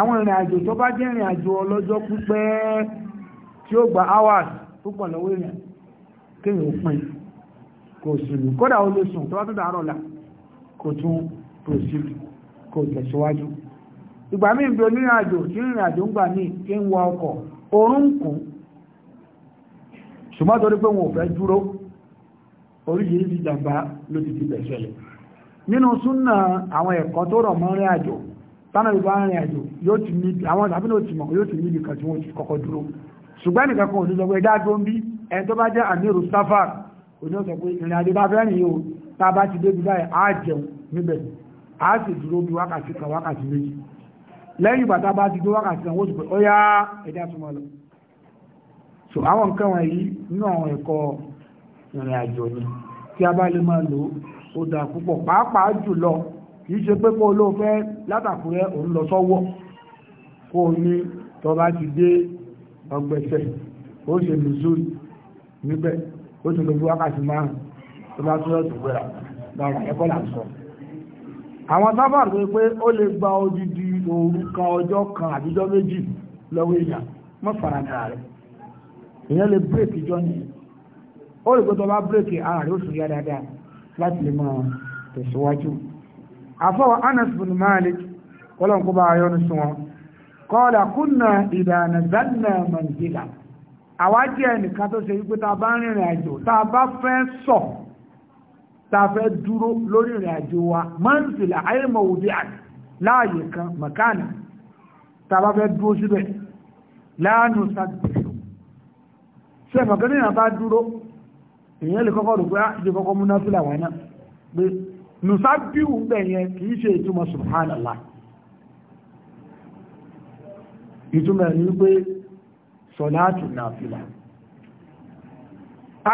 àwọn ìrìn àjò tó bá jẹ́ ìrìn àjò ọlọ́jọ́ pípẹ́ tí ó gba hours púpọ̀ lọ́wọ́ èèyàn kéèyàn ó pin kò sùn kódà ó lè sùn tó bá tó dàárọ̀ la kò tún proceed kò tẹ̀síwájú ìgbà míì ń bẹ onírìn àjò tí ìrìn àjò ń gbà ń wa ọkọ̀ oorun kù ṣùgbọ́n torí pé wọn ò fẹ́ dúró oríṣiríṣi jàmbá ló ti ti bẹ̀ ṣẹlẹ̀ nínú súnà àwọn ẹ̀kọ́ tó rọ̀ mọ́ rìn àjò tánà ìbá rìn àjò yóò ti ní àwọn tàbí náà yóò ti ní ibìkan tí wọ́n ti lẹ́yìn bàtà bá ti dé wákàtí àwọn oṣù pé ó yá ẹ̀dá súnmọ́ lọ so àwọn nǹkan wọ̀nyí nínú àwọn ẹ̀kọ́ ìrìn àjò ni tí a bá lè máa lò ó dáa púpọ̀ pàápàá jùlọ kì í ṣe pé kó ló fẹ́ látàkùrẹ́ òun lọ sọ́wọ́ kó o ní tó bá ti dé ọgbẹ̀sẹ̀ ó ṣe missouri níbẹ̀ ó ti lójú wákàtí márùn tó bá tún lọ́tún gbéra lára ẹ̀kọ́ là ń sọ àwọn sábà rẹ̀ pé ó lè gba odidi orúkọ ọjọ́ kan àbíjọ́ méjì lọ́wọ́ èèyàn mọ́ faradà rẹ̀ èèyàn lè bírèkì jọ ní ó lè gbọ́dọ̀ bá bírèkì ara rẹ̀ ó sì yá dáadáa láti lè máa tẹ̀síwájú àfọwọ́ Anas bin Malik kọ́lọ́n kó bá ayọ́ ní sún wọn kọ́ọ̀dà kúnnà ìdànà zanna manzila ẹnìkan tó ṣe wípé ta bá rìnrìn àjò ta bá fẹ́ sọ ta fẹ́ dúró lórí ìrìn àjò wa manzila ayé mọ̀ òde àti láàyè kan mọ̀kánà tàbá fẹ́ dúró síbẹ̀ láàánú sàgbẹ̀rù ṣe mọ̀kánà náà bá dúró èyàn lè kọ́kọ́ rò pé ìjọ ah, kọ́kọ́ múná fílà wọn náà pé nùsábíù bẹ̀yẹn kìí ṣe ìtumọ̀ subhanallah ìtumọ̀ ní pé sọ̀láàtù náà fílà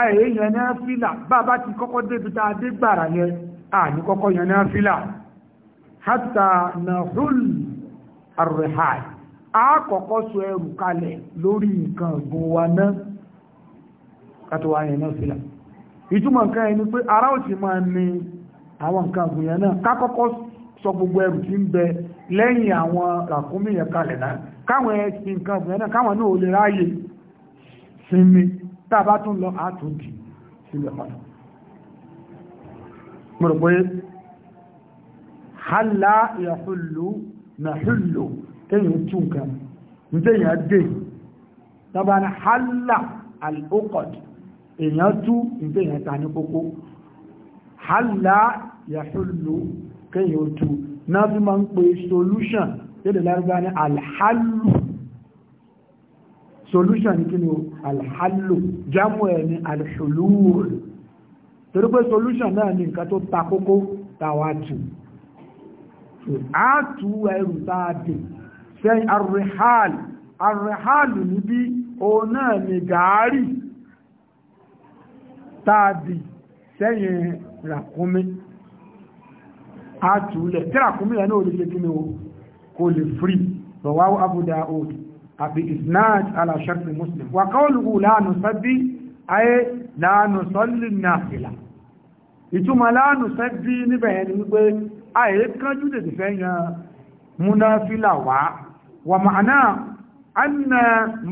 àìyàn náà fílà bá bá ti kọ́kọ́ débi tá a dé gbàrà yẹn à ní kọ́kọ́ yẹn náà fílà hátà nàhùl àrùhàì a kọ́kọ́ so ẹrù kalẹ̀ lórí nǹkan ọ̀gbọ̀n wa náà kátó wa yẹn náà sílẹ̀ ìtumọ̀ nǹkan ẹni pé ara ò sì máa ní àwọn nǹkan ọ̀gbọ̀n yẹn náà ká kọ́kọ́ sọ gbogbo ẹrù tí ń bẹ lẹ́yìn àwọn ràkúnmí yẹn kalẹ̀ náà káwọn ẹ̀sìn nǹkan ọ̀gbọ̀n náà káwọn náà ò lè ráyè sinmi tá a bá tún lọ àtúndì sílẹ̀ padà mo rò pé hálà ìyàhùlù nàhùlù tẹ́yìn tún kan ní tẹ́yìn dé tọ́bá ní hálà al'ukọ̀d èyàn tú ní tẹ́yìn ta ní kókó hálà ìyàhùlù kẹ́yìn tú náà fi máa ń pè solution tẹ́lẹ̀ lárúgbá ní alhálù solution kí ni alhallu jamu ẹ ni alhulul torí pé solution náà ni nǹkan tó ta kókó tàwa a tú ẹrù táàdì sẹ́yìn arìhálì arìhálì níbi òun náà ni gàárì táàdì sẹ́yìn ràkúnmí a túlẹ̀ tí ràkúnmí ẹ̀ náà lè ṣe kí ni o kò lè frí rọwáwó Abu Daud àbí isnad ala sharti Muslim wà káwọ́lùkù láàánú sábí ayé láàánú sọ́lì náà fìlà ìtumọ̀ láàánú sábí níbẹ̀ àìkánjú tètè fẹ́ yan múnáfílà wá wà màánà anna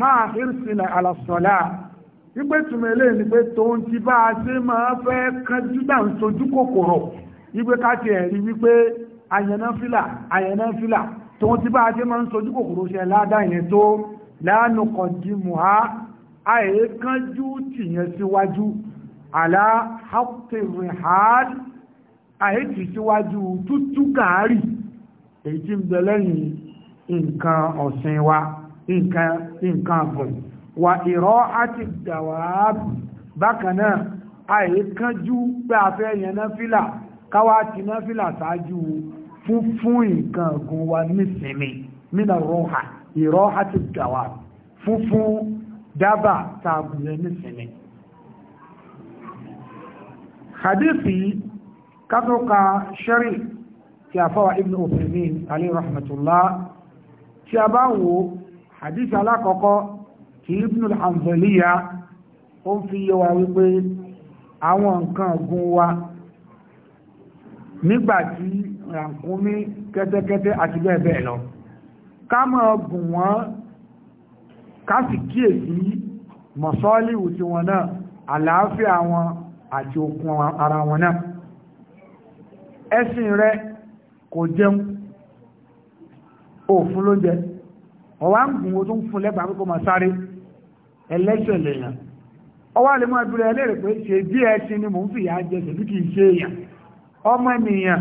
máa hírísìlẹ̀ alàsọ̀lá wípé túnmẹ̀lẹ́ ni pé tóun ti bá a ṣe máa fẹ́ kánjú dà ń sojú kòkòrò wípé ká ti ẹ̀rí wípé àyànáfílà àyànáfílà tóun ti bá a ṣe máa ń sojú kòkòrò ṣe ládá ìyẹn tó lánàkọ̀ di mùhá àìkánjú tìyẹn síwájú àlá haptirihan àìtì síwájú tútú gàárì èyí tí ń bẹ lẹ́yìn nǹkan ọ̀sìn wa nǹkan ọ̀gùn wà ìrọ́ àti dàwàábù bákan náà àìkánjú pé afẹ́ yẹn náfílà káwá ti náfílà ṣáájú fún fún nǹkan ọ̀gùn wa nísìnmi mínà rọ́hà ìrọ́ àti dàwàábù fún fún dábà tààbù yẹn nísìnmi hadisi kátọ́ka ṣẹ́rì tí a fọ́wà ibn Uthaymeen alayhi rahmatullah tí a bá wo hadith alákọ̀ọ́kọ́ tí ibn al-Hanzaliya ó ń fi yé wa wípé àwọn nǹkan ọ̀gùn wa nígbàtí ràkúnmí kẹ́tẹ́kẹ́tẹ́ àti bẹ́ẹ̀ bẹ́ẹ̀ lọ ká máa gùn wọ́n ká sì kíyèsí mọ̀sọ́líwù tí náà àlàáfíà wọn àti okun ara wọn náà ẹ̀sìn rẹ kò jẹun òfin ló jẹ ọwá ń gùn o ń fún lẹ́gbàá pípọ̀ ma sáré ẹlẹ́ṣẹ̀ lèèyàn ọwá lè mọ́ ẹbúrẹ́ pé ṣe bí ẹṣin ni mò ń fìyà jẹ ṣe bí ṣe èèyàn ọmọ ènìyàn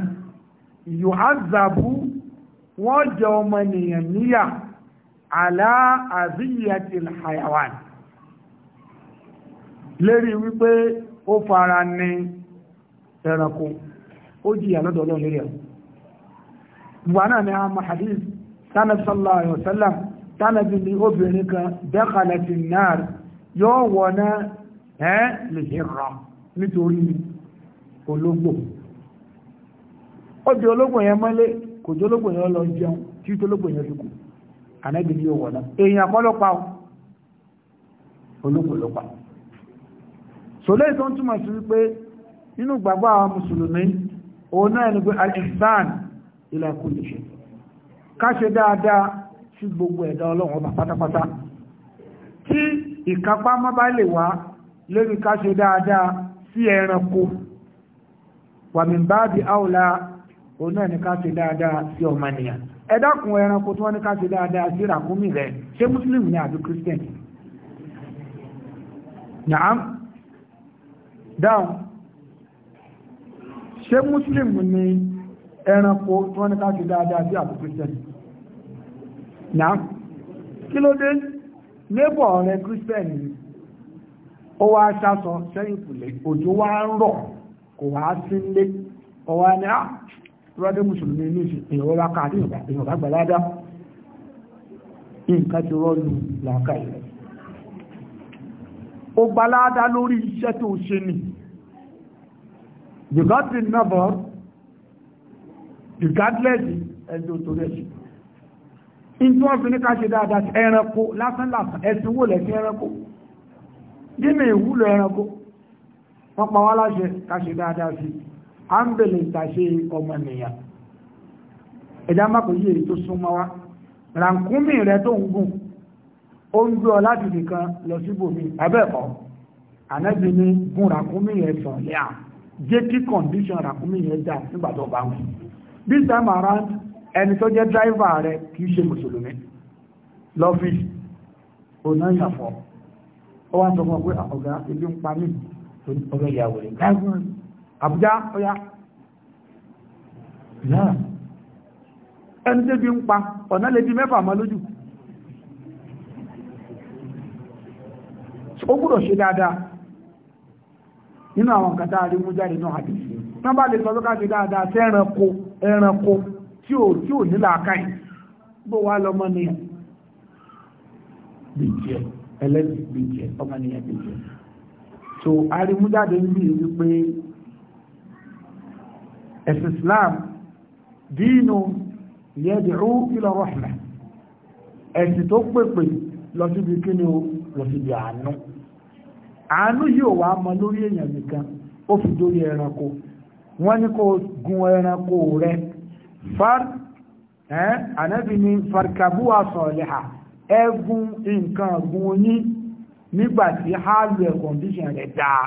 yò azàbú wọ́n jẹ ọmọ ènìyàn níyà àlá àzíyàtì hayawan lérí wípé ó ó jìyà lọ́dọ̀ ọlọ́run lórí ẹ̀ wà náà ni a mọ̀ hadith tánàbí sallallahu alaihi wasallam tánàbí ni obìnrin kan dakhalat an-nar yóò wọ̀ náà ẹ́ lè ṣe rà nítorí ológbò ó di ológbò yẹn mọ́lé kò jẹ́ ológbò yẹn lọ jẹun tí ológbò yẹn fi kù ànábì ni yóò wọ̀ èèyàn kọ́ ló pa ológbò ló pa sọlẹ́ ìtọ́ túmọ̀ sí wípé nínú ìgbàgbọ́ àwọn mùsùlùmí òun náà al-ihsan ila kulli shay káṣe dáadáa si gbogbo ẹ̀dá ọlọ́run ọba pátápátá tí ìkápá má bá lè wá lórí dáadáa sí ẹranko wa min òun náà ni ṣe dáadáa sí ọmọnìyàn ẹ̀dákun ẹranko tí wọ́n ní ṣe dáadáa sí ràkúnmí rẹ̀ ṣé muslim ni àbí christian ṣé muslim ni ẹranko tí wọ́n ní ká kristian dáadáa náà kí ló dé nébọ̀ rẹ ni ó wá ṣásọ sẹ́yìn kùlẹ̀ òjò wá ń rọ̀ kò wá sí ọwá ní á ah, rọ́dé ní ìrora káàdì ìrọ̀bá gbàládá nǹkan ti rọ́lù bìkọ́tì nọ́bọ̀ ìgádlẹ́sì ẹjọ́ tó rẹ̀ sí ìtú ọ̀fin ní káṣe dáadáa sí ẹranko lásán lásán ẹ̀sìn wò lẹ́sí ẹranko gínú ìwúlò ẹranko wọ́n pa wá láṣẹ káṣe dáadáa sí à ń bèlè ìtàṣe ọmọnìyàn ẹ̀dá má kò yí èyí tó súnmọ́ wá ràǹkúmì rẹ tó ń gùn ó ń gbé ọ láti nìkan lọ síbòmí abẹ́ẹ̀kọ́ ànábì ní gùn ràǹkúmì rẹ sàn lẹ́à jẹ́ kí condition ràkúnmí yẹn dà nígbà bá wù this time around ẹni tó jẹ́ driver rẹ kìí ṣe mùsùlùmí lọ́fíìsì ọ̀nà ìyàfọ́ ó wá sọ fún ọ pé ah, ọ̀gá ibi ń pa mí ọ̀gá ìyàwó rẹ̀ gáàgùn àbújá ọ̀yá náà ẹni débi ń pa ọ̀nà lè di mẹ́fà máa lójú ó gbúdọ̀ ṣe dáadáa nínú àwọn kàtà àrímú jáde náà àdìsí wọ́n bá lè sọ lókà sí dáadáa sí ẹranko ẹranko tí ò tí ò nílà káì bó wá lọmọ ni bìjẹ ẹlẹ́sì bìjẹ ọmọ nìyẹn bìjẹ so àrímú jáde ń bí wípé ẹ̀sìn Islam dínú yẹ́dìrú ila rahma ẹ̀sìn tó pèpè lọ síbi kíni lọ síbi àánú àánú yìí ò wá mọ lórí èèyàn nìkan ó fi dórí ẹranko wọ́n ní kó gun ẹranko rẹ far ẹ́ ànábì ní farkabu asọ̀lẹ́hà ẹ̀gùn nǹkan gun yín nígbà tí hálù ẹ̀ kọ̀ǹdíṣàn rẹ̀ dáa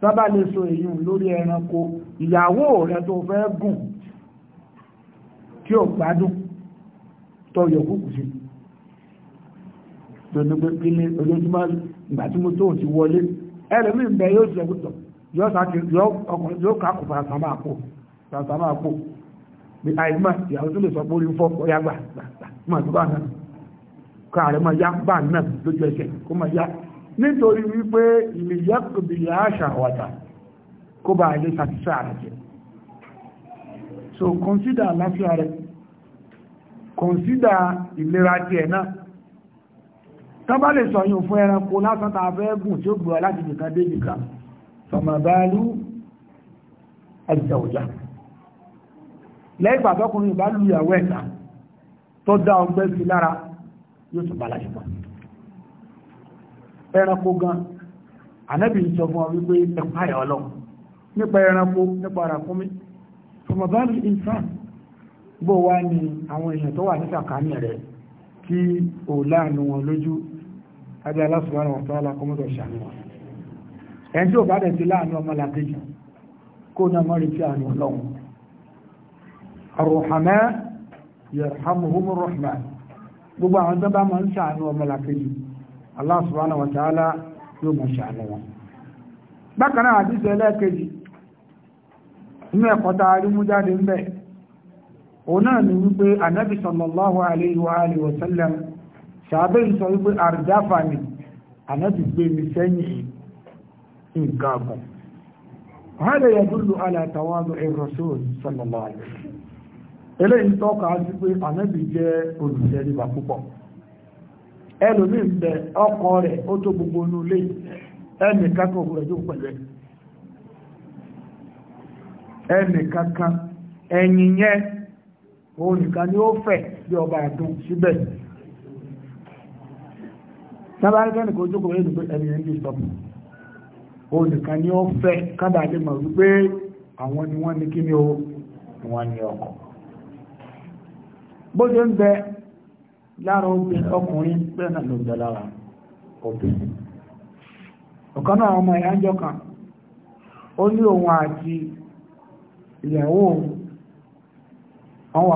sábà lè so èyàn lórí ẹranko ìyàwó rẹ tó fẹ́ gùn tí ò gbádùn tọyọ̀ kúkú sí ìgbà tí mo tó ti wọlé ẹlẹ́mí ń bẹ yóò jẹ gbọ́dọ̀ yóò sáké yóò ọkùnrin yóò ká kò fara sàmà àpò fara sàmà àpò bí àìmọ ìyàwó tó lè sọ pé orí ń fọ ọyá gbà gbà má tó bá náà kọ ààrẹ máa yá bá náà lójú ẹsẹ̀ kó máa yá nítorí wípé ìlìyàkùbì àṣà ọ̀dà kó bá ilé satisfy rẹ̀ jẹ́ so consider àlàáfíà rẹ̀ consider ìlera tiẹ̀ náà tán bá lè sọ̀yìn fún ẹranko lásán tàà fẹ́ gùn tí ó gbọ́ láti jìkan dé jìkan fọmọ̀bálú ẹ̀jẹ̀wòjá lẹ́gbà tọkùnrin ìbá lu ìyàwó ẹ̀ta tó dá ọgbẹ́ sí lára yóò tún bala ṣùgbọ́n ẹranko gan ànábì ń sọ fún ọ wípé ẹ̀pá ẹ̀ ọlọ́run nípa ẹranko nípa àràkúnmí fọmọ̀bálú ìfàn bó wá ní àwọn èèyàn tó wà ní sàkání rẹ̀ tí ò láàánú wọn lójú abẹ́ aláṣùwárọ̀ ọ̀tọ́ alákọmọ́dọ̀ ṣàníwà ẹni tí ò bá dẹ̀ ti láàánú ọmọ làkejì kó náà mọ́ retí àánú ọlọ́run àrùhàmẹ́ yarhamuhumur rahman gbogbo àwọn tó bá máa ń ṣàánú ọmọ làkejì sàbẹ̀ yìí sọ wípé àrùjáfà ni ànábì mi sẹ́yìn nǹkan àgùn hada ya dúró alátawádùn ìrọ̀sùn sallallahu alaihi wasallam eléyìí tọ́ka sí pé ànábì jẹ́ olùsẹ́ríbà púpọ̀ ẹlòmí ń bẹ ọkọ rẹ̀ ó tó gbogbo inú ilé ẹnì kankan òkú rẹ̀ tó ẹnì kankan ẹ̀yìn yẹn òun nìkan ni ó fẹ̀ tábàrítẹ́nì kò jókòó lẹ́nu pé ẹni ẹni sọpù olùkan ni ó fẹ́ onye lè mọ̀ wípé àwọn ni wọ́n ní kí ni ó wọ́n ní ọkọ̀ bó ṣe ń bẹ lára ọkùnrin bẹ́ẹ̀ náà ló bẹ lára obìnrin ọ̀kan náà ọmọ ìyájọ́ kan ó ní òun àti ìyàwó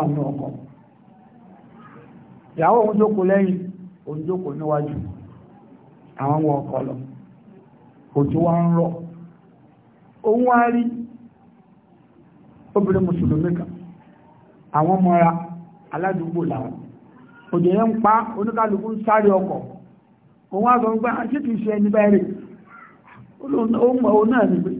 ọkọ̀ ìyàwó òun jókòó àwọn wọ ọkọ̀ lọ òjò wa ń rọ òun wá rí obìnrin mùsùlùmí kan àwọn ọmọra aládùúgbò làwọn òjò yẹn ń pa oníkàlùkù sáré ọkọ̀ òun wá sọ pé ah, ṣé kìí ṣe ẹni báyìí òun náà ní pé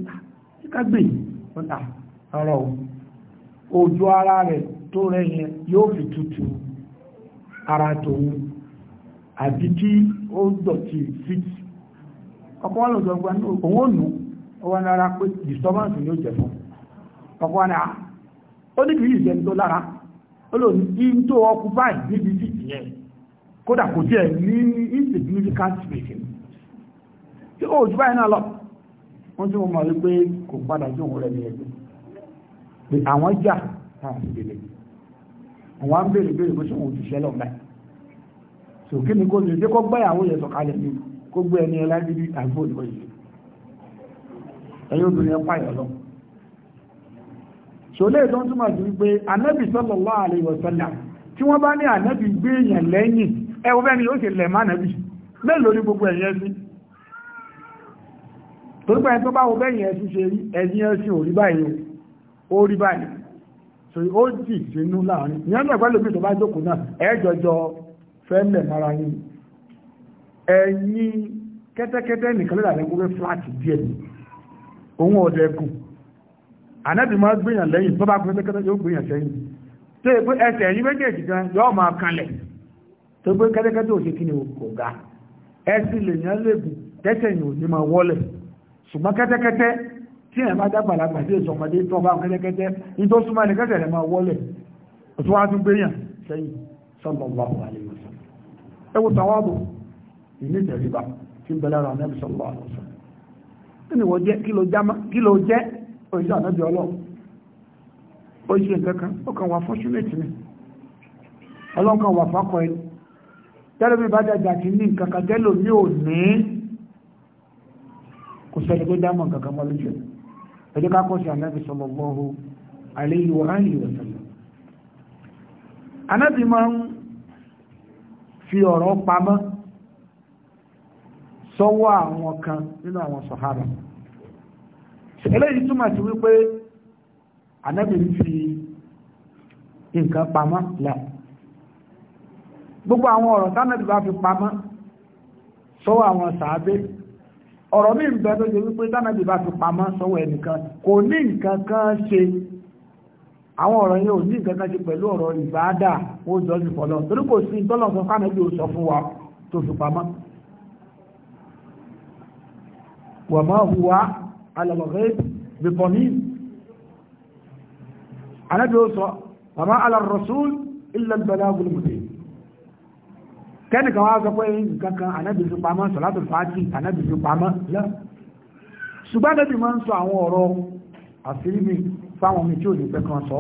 ah, ah, tó ó dọ̀tí fit ọkọ̀ wọn lọ́dọ̀ gba òun ò nù ọwọ́ nára pé disturbance ni ó jẹ fún ọkọ̀ wọn náà ah, ó ní kìí ìṣẹ́ni tó lára ó lò ní in tó occupy níbi tí ìyẹn kódà kò tiẹ̀ ní insignificant space tí ó jù báyìí náà lọ wọ́n tí wọ́n mọ̀ wípé kò padà sí òun rẹ̀ ní ẹgbẹ́ pé àwọn jà táwọn sì délé àwọn á ń béèrè bó ṣe wọn ti ṣẹlẹ̀ ọ̀gbà so kí ni kó lè dé kó gbáyàwó yẹ sọ̀kalẹ̀ ní kó gbé ẹni ẹlá níbi àgbò ìwọ̀ yìí ẹ̀yọ́ obìnrin ẹ̀pá ìyọ̀ lọ so lè tó ń túmọ̀ sí wípé anábì sallallahu alaihi wasallam tí wọ́n bá ní anábì gbé èèyàn lẹ́yìn ẹ wọ́n bẹ́ni yóò ṣe lẹ̀ má anábì mélòó ní gbogbo ẹ̀yẹ sí torí pé tó bá wo bẹ́yìn ẹ̀sí ṣe rí ẹ̀yìn ẹ̀sí ò báyìí ó rí báyìí so ó sínú láàrin ìyẹn náà pẹ́lú fẹ́lẹ̀ mara yín ẹ̀yìn kẹ́tẹ́kẹ́tẹ́ nìkan lẹ́dà lẹ́kún fẹ́ fúláàtì díẹ̀ ni òun ọ̀dẹ̀ ẹkùn ànábì máa gbìyàn lẹ́yìn tó bá pín kẹ́tẹ́kẹ́tẹ́ yóò gbìyàn sẹ́yìn tó yẹ pé ẹsẹ̀ ẹ̀yìn méjèèjì gan yóò máa ni kò ga ẹsìn lèèyàn léègùn tẹ́sẹ̀ yìí ò ní máa wọlẹ̀ ṣùgbọ́n kẹ́tẹ́kẹ́tẹ́ tí ẹ̀ máa dàgbàlagbà sí èso ọmọdé tó bá kẹ́tẹ́kẹ́tẹ́ ní tó súnmọ́ ẹni kẹ́tẹ́ rẹ̀ máa wọlẹ̀ òtún tún gbéyàn sẹ́yìn sallallahu alaihi ẹwọ tàwàbù ilé ìtẹ̀ríba tí ń bẹ̀lára Ànábì sallallahu alaihi wasallam nínú wọ́n jẹ́ kí ló jẹ́ òṣìṣẹ́ Ànábì ọlọ́run ó ṣe nǹkankan ó kàn wà fọ́ṣúnẹ̀tì ni ọlọ́run kan wà fákọ̀ ẹni tẹ́lẹ̀ bí bájá jàkí ní nǹkankan tẹ́lẹ̀ mi ò ní kò sẹ́ni tó dámọ̀ nǹkankan mọ́ lójú ẹ̀ ẹjọ́ ká kọ́ fi ọ̀rọ̀ pamọ́ sọ́wọ́ àwọn kan nínú àwọn sàhábà eléyìí túmọ̀ sí wípé ànábì ń fi nǹkan pamọ́ lẹ̀ gbogbo àwọn ọ̀rọ̀ tánàbì bá fi pamọ́ sọ́wọ́ àwọn sàábé ọ̀rọ̀ mi ń bẹ tó ṣe wípé tánàbì bá fi pamọ́ sọ́wọ́ ẹnìkan kò ní nǹkan kan ṣe àwọn ọ̀rọ̀ yẹn ò ní nǹkan kan ṣe pẹ̀lú ọ̀rọ̀ ìbáadà ó jọ sí fọlọ́ torí kò sí tọ́lọ̀ sọ fáwọn ẹbí ò sọ fún wa tó fi pamọ́ wà máa hùwà alàlọ́rẹ́ bìbọ̀mí anábì ó sọ wà máa alàrọ̀sùn ilẹ̀ ìbẹ̀lẹ̀ agolomọ̀tì kẹ́nìkan wá sọ pé nǹkan kan anábì fi pamọ́ sọ̀látò fàájì anábì fi pamọ́ lẹ́ ṣùgbọ́n anábì máa ń sọ àwọn ọ̀rọ̀ àfírí fáwọn omi tí ò ní pẹ́ kan sọ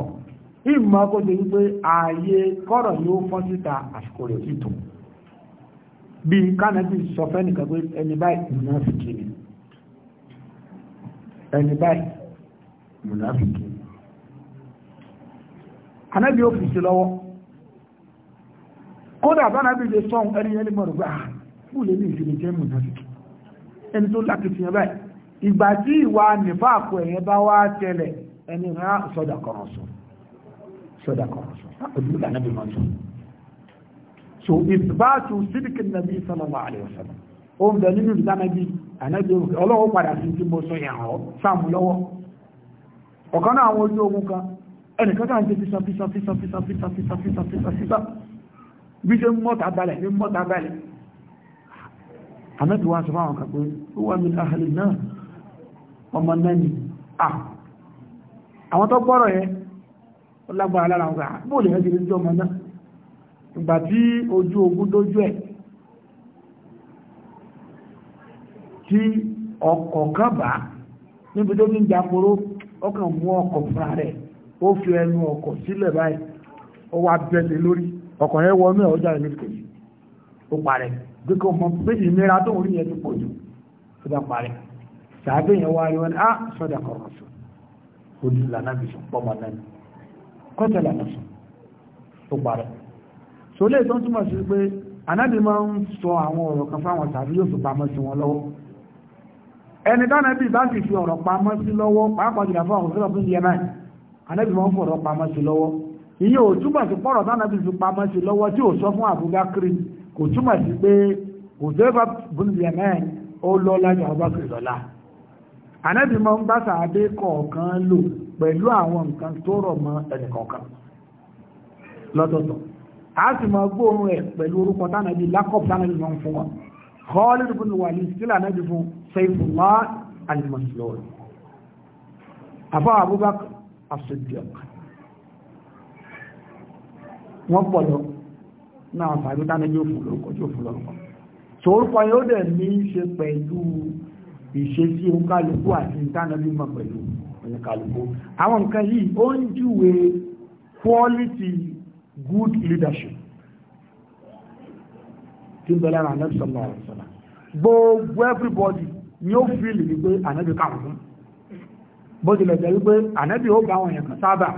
ìmọ̀ kó ṣe wípé ààyè kọ́rọ̀ yóò fọ́n síta àsìkò rẹ̀ sì tó bí kánẹ́bì sọ fẹ́nìkan pé ẹni báyìí mùnáfìkì ni ẹni báyìí mùnáfìkì ni kánẹ́bì ó fi sí lọ́wọ́ kódà bánàbì lè sọ ẹni ẹni mọ̀rọ̀ gbà fún ah, lè ní ìsinmi jẹ́ mùnáfìkì ẹni tó lákìtìyàn báyìí ìgbà tí ìwà nìfàkù ẹ̀yẹn bá wá tẹlẹ̀ ẹni ha sọ́dà kọ̀rọ̀ sọ sọ́dà kọ̀rọ̀ sọ ọdún ìlànà bí wọ́n sọ so ìbáàtù sídìkì nàbí sọlọ́mọ àlẹ́wọ̀sọ̀lọ́ ó ń bẹ nínú ìdáná bí ànájú ọlọ́wọ́ padà sí tí mo sọ yàn ọ́ sáàmù lọ́wọ́ ọ̀kan náà àwọn ojú ogun kan ẹnìkan kan ń ṣe fisa fisa fisa fisa fisa fisa fisa fisa fisa bí ṣe ń mọ́ta balẹ̀ ń mọ́ta balẹ̀ àmẹ́tí wọn sọ fáwọn kan pé ó wà mí ahàlì náà ọmọ náà ni ah àwọn tó gbọ́rọ̀ yẹn ó lágbára lára ọgbà bóò lè rẹ́sì lójú ọmọ náà ìgbà tí ojú ogun dójú ẹ̀ tí ọkọ̀ kan bá níbi tó ní ìjàmboró ọkàn mú ọkọ̀ fúnra rẹ̀ ó fi ẹnu ọkọ̀ sílẹ̀ báyìí ó wá bẹ̀lẹ̀ lórí ọkọ̀ yẹn wọnú ẹ̀ ọjà ìlẹ́kẹ̀ẹ́ yìí ó parẹ́ gbẹ́kọ̀ mọ́ pé ìnira tó ń rí yẹn ti pọ̀ jù tó bá parẹ́ sàábẹ̀ yẹn wá rí wọn á sọ́dà kọ̀ọ̀kan sọ lànàbì pọ́mọ náà kọ́tẹ̀ lànàbì tó parẹ́ so lè tó ń túmọ̀ sí pé anábì máa ń sọ àwọn ọ̀rọ̀ kan fáwọn tàbí yóò fi pamọ́ sí wọn lọ́wọ́ ẹni tánàbì bá sì fi ọ̀rọ̀ pamọ́ sí lọ́wọ́ pàápàá jùlọ fún àwọn òṣèlú fún yemen anábì máa ń fọ̀rọ̀ pamọ́ sí lọ́wọ́ ìyẹn ò túmọ̀ sí pọ̀rọ̀ tánàbì fi pamọ́ sí lọ́wọ́ tí ò sọ fún àbúgbákiri kò túmọ̀ sí pé òṣèlú fún yemen ó lọ́lá ju àbúgbákiri lọ́lá ànábì máa ń bá sàábé kọ̀ọ̀kan lò pẹ̀lú àwọn nǹkan tó rọ̀ mọ́ ẹnìkọ̀ọ̀kan lọ́tọ̀ọ̀tọ̀ a sì máa gbóòórùn ẹ̀ pẹ̀lú orúkọ tánàbí lákọ̀p tánàbí máa ń fún wọn Khalid ibn Walid sílẹ̀ ànábì fún Saifullah al-Maslul àbá Abubakar as-Siddiq wọ́n pọ̀ lọ náà fàájú tánàbí òfin lórúkọ tí òfin lórúkọ tó orúkọ ìṣe tí ó kálukú àti ìtànàbí mọ̀ pẹ̀lú oníkálukú àwọn nǹkan yìí ó ń júwe quality good leadership tí ń bẹ̀rẹ̀ ànábì sọ̀rọ̀ ọ̀rọ̀ sọ̀rọ̀ gbogbo everybody ni ó fíìlì wípé ànábì káwọn fún bó tilẹ̀ jẹ́ wípé ànábì ó bá àwọn èèyàn kan sábà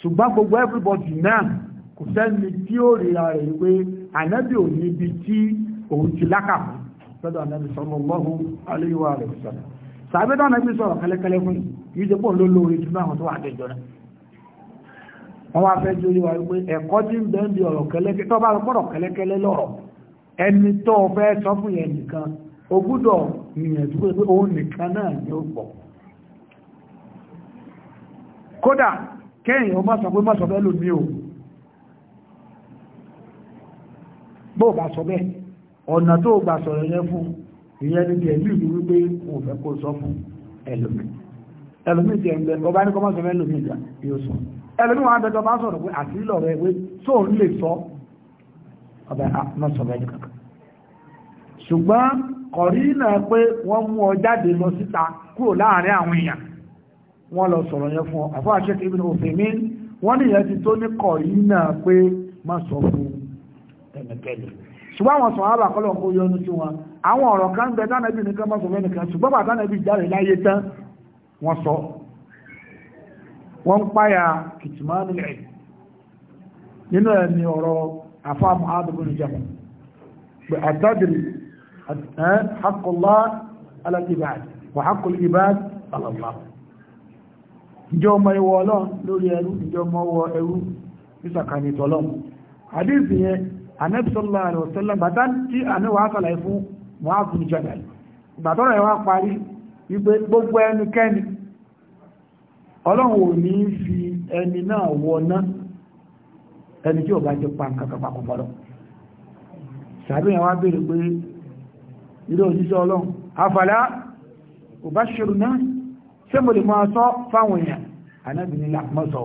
ṣùgbọ́n gbogbo everybody náà kò sẹ́ni tí ó rí ara rẹ̀ wípé ànábì ò níbi tí òun ti lákàmú lọ́dọ̀ ànábì sallallahu alaihi wa sallam sàbẹ́dọ̀ ànábì sọ̀rọ̀ kẹ́lẹ́kẹ́lẹ́ fún yìí jẹ́ pọ̀ lólórí jù náà tó wà jẹjọ náà wọ́n wá fẹ́ jórí wa wípé ẹ̀kọ́ tí ń bẹ́ ń di ọ̀rọ̀ kẹ́lẹ́kẹ́ tó bá lọ pọ̀rọ̀ kẹ́lẹ́kẹ́lẹ́ lọ́rọ̀ ẹni tó fẹ́ sọ fún yẹn nìkan o gbúdọ̀ gbìyànjú pé òun nìkan náà ni ó pọ̀ kódà kẹ́yìn o má sọ pé má sọ bẹ́ẹ̀ lómi o bó bá sọ bẹ́ẹ̀ ọ̀nà tó gbà sọ̀rọ̀ yẹn fún ìyẹn ní pe yìí wípé kò fẹ́ kó sọ fún ẹlòmí ẹlòmí tiẹ̀ ń ọba ní kọ́mọ́sọ̀ fẹ́ lòmí ìjà yóò sọ ẹlòmí wọn abẹ́tọ̀ bá sọ̀rọ̀ pé àti ìlọ rẹ̀ pé tó ń lè sọ ọba àmọ́sọ̀ ah, bẹ́ẹ̀ kankan ṣùgbọ́n kọ̀rí náà pé wọ́n mú ọ jáde lọ síta kúrò láàrin àwọn èèyàn wọ́n lọ sọ̀rọ̀ yẹn fún ọ ṣùgbọ́n àwọn sọ̀rọ̀ àbàkọ́lọ̀ kó yọnu sí wọn àwọn ọ̀rọ̀ kan ń bẹ nìkan sọ̀rọ̀ nìkan ṣùgbọ́n jáde láyé tán wọ́n sọ wọ́n ń páyà ẹ̀ ọ̀rọ̀ àfáàmù pé àtàdìrì wà ọmọ ọlọ́run lórí anabi sallallahu alaihi wasallam bàtà tí anabi wà sàlàyé fún mu'adh bin jabal ìgbàtọ́rọ̀ ẹ̀ wá parí wípé gbogbo ẹnikẹ́ni ọlọ́run ò ní fi ẹni náà wọná ẹni tí ò bá jẹ́ pa nǹkan kan papọ̀ fọ́lọ́ sàbí ẹ̀ wá béèrè pé ilé òjíṣẹ́ ọlọ́run afàlá kò bá ṣòro náà ṣé mo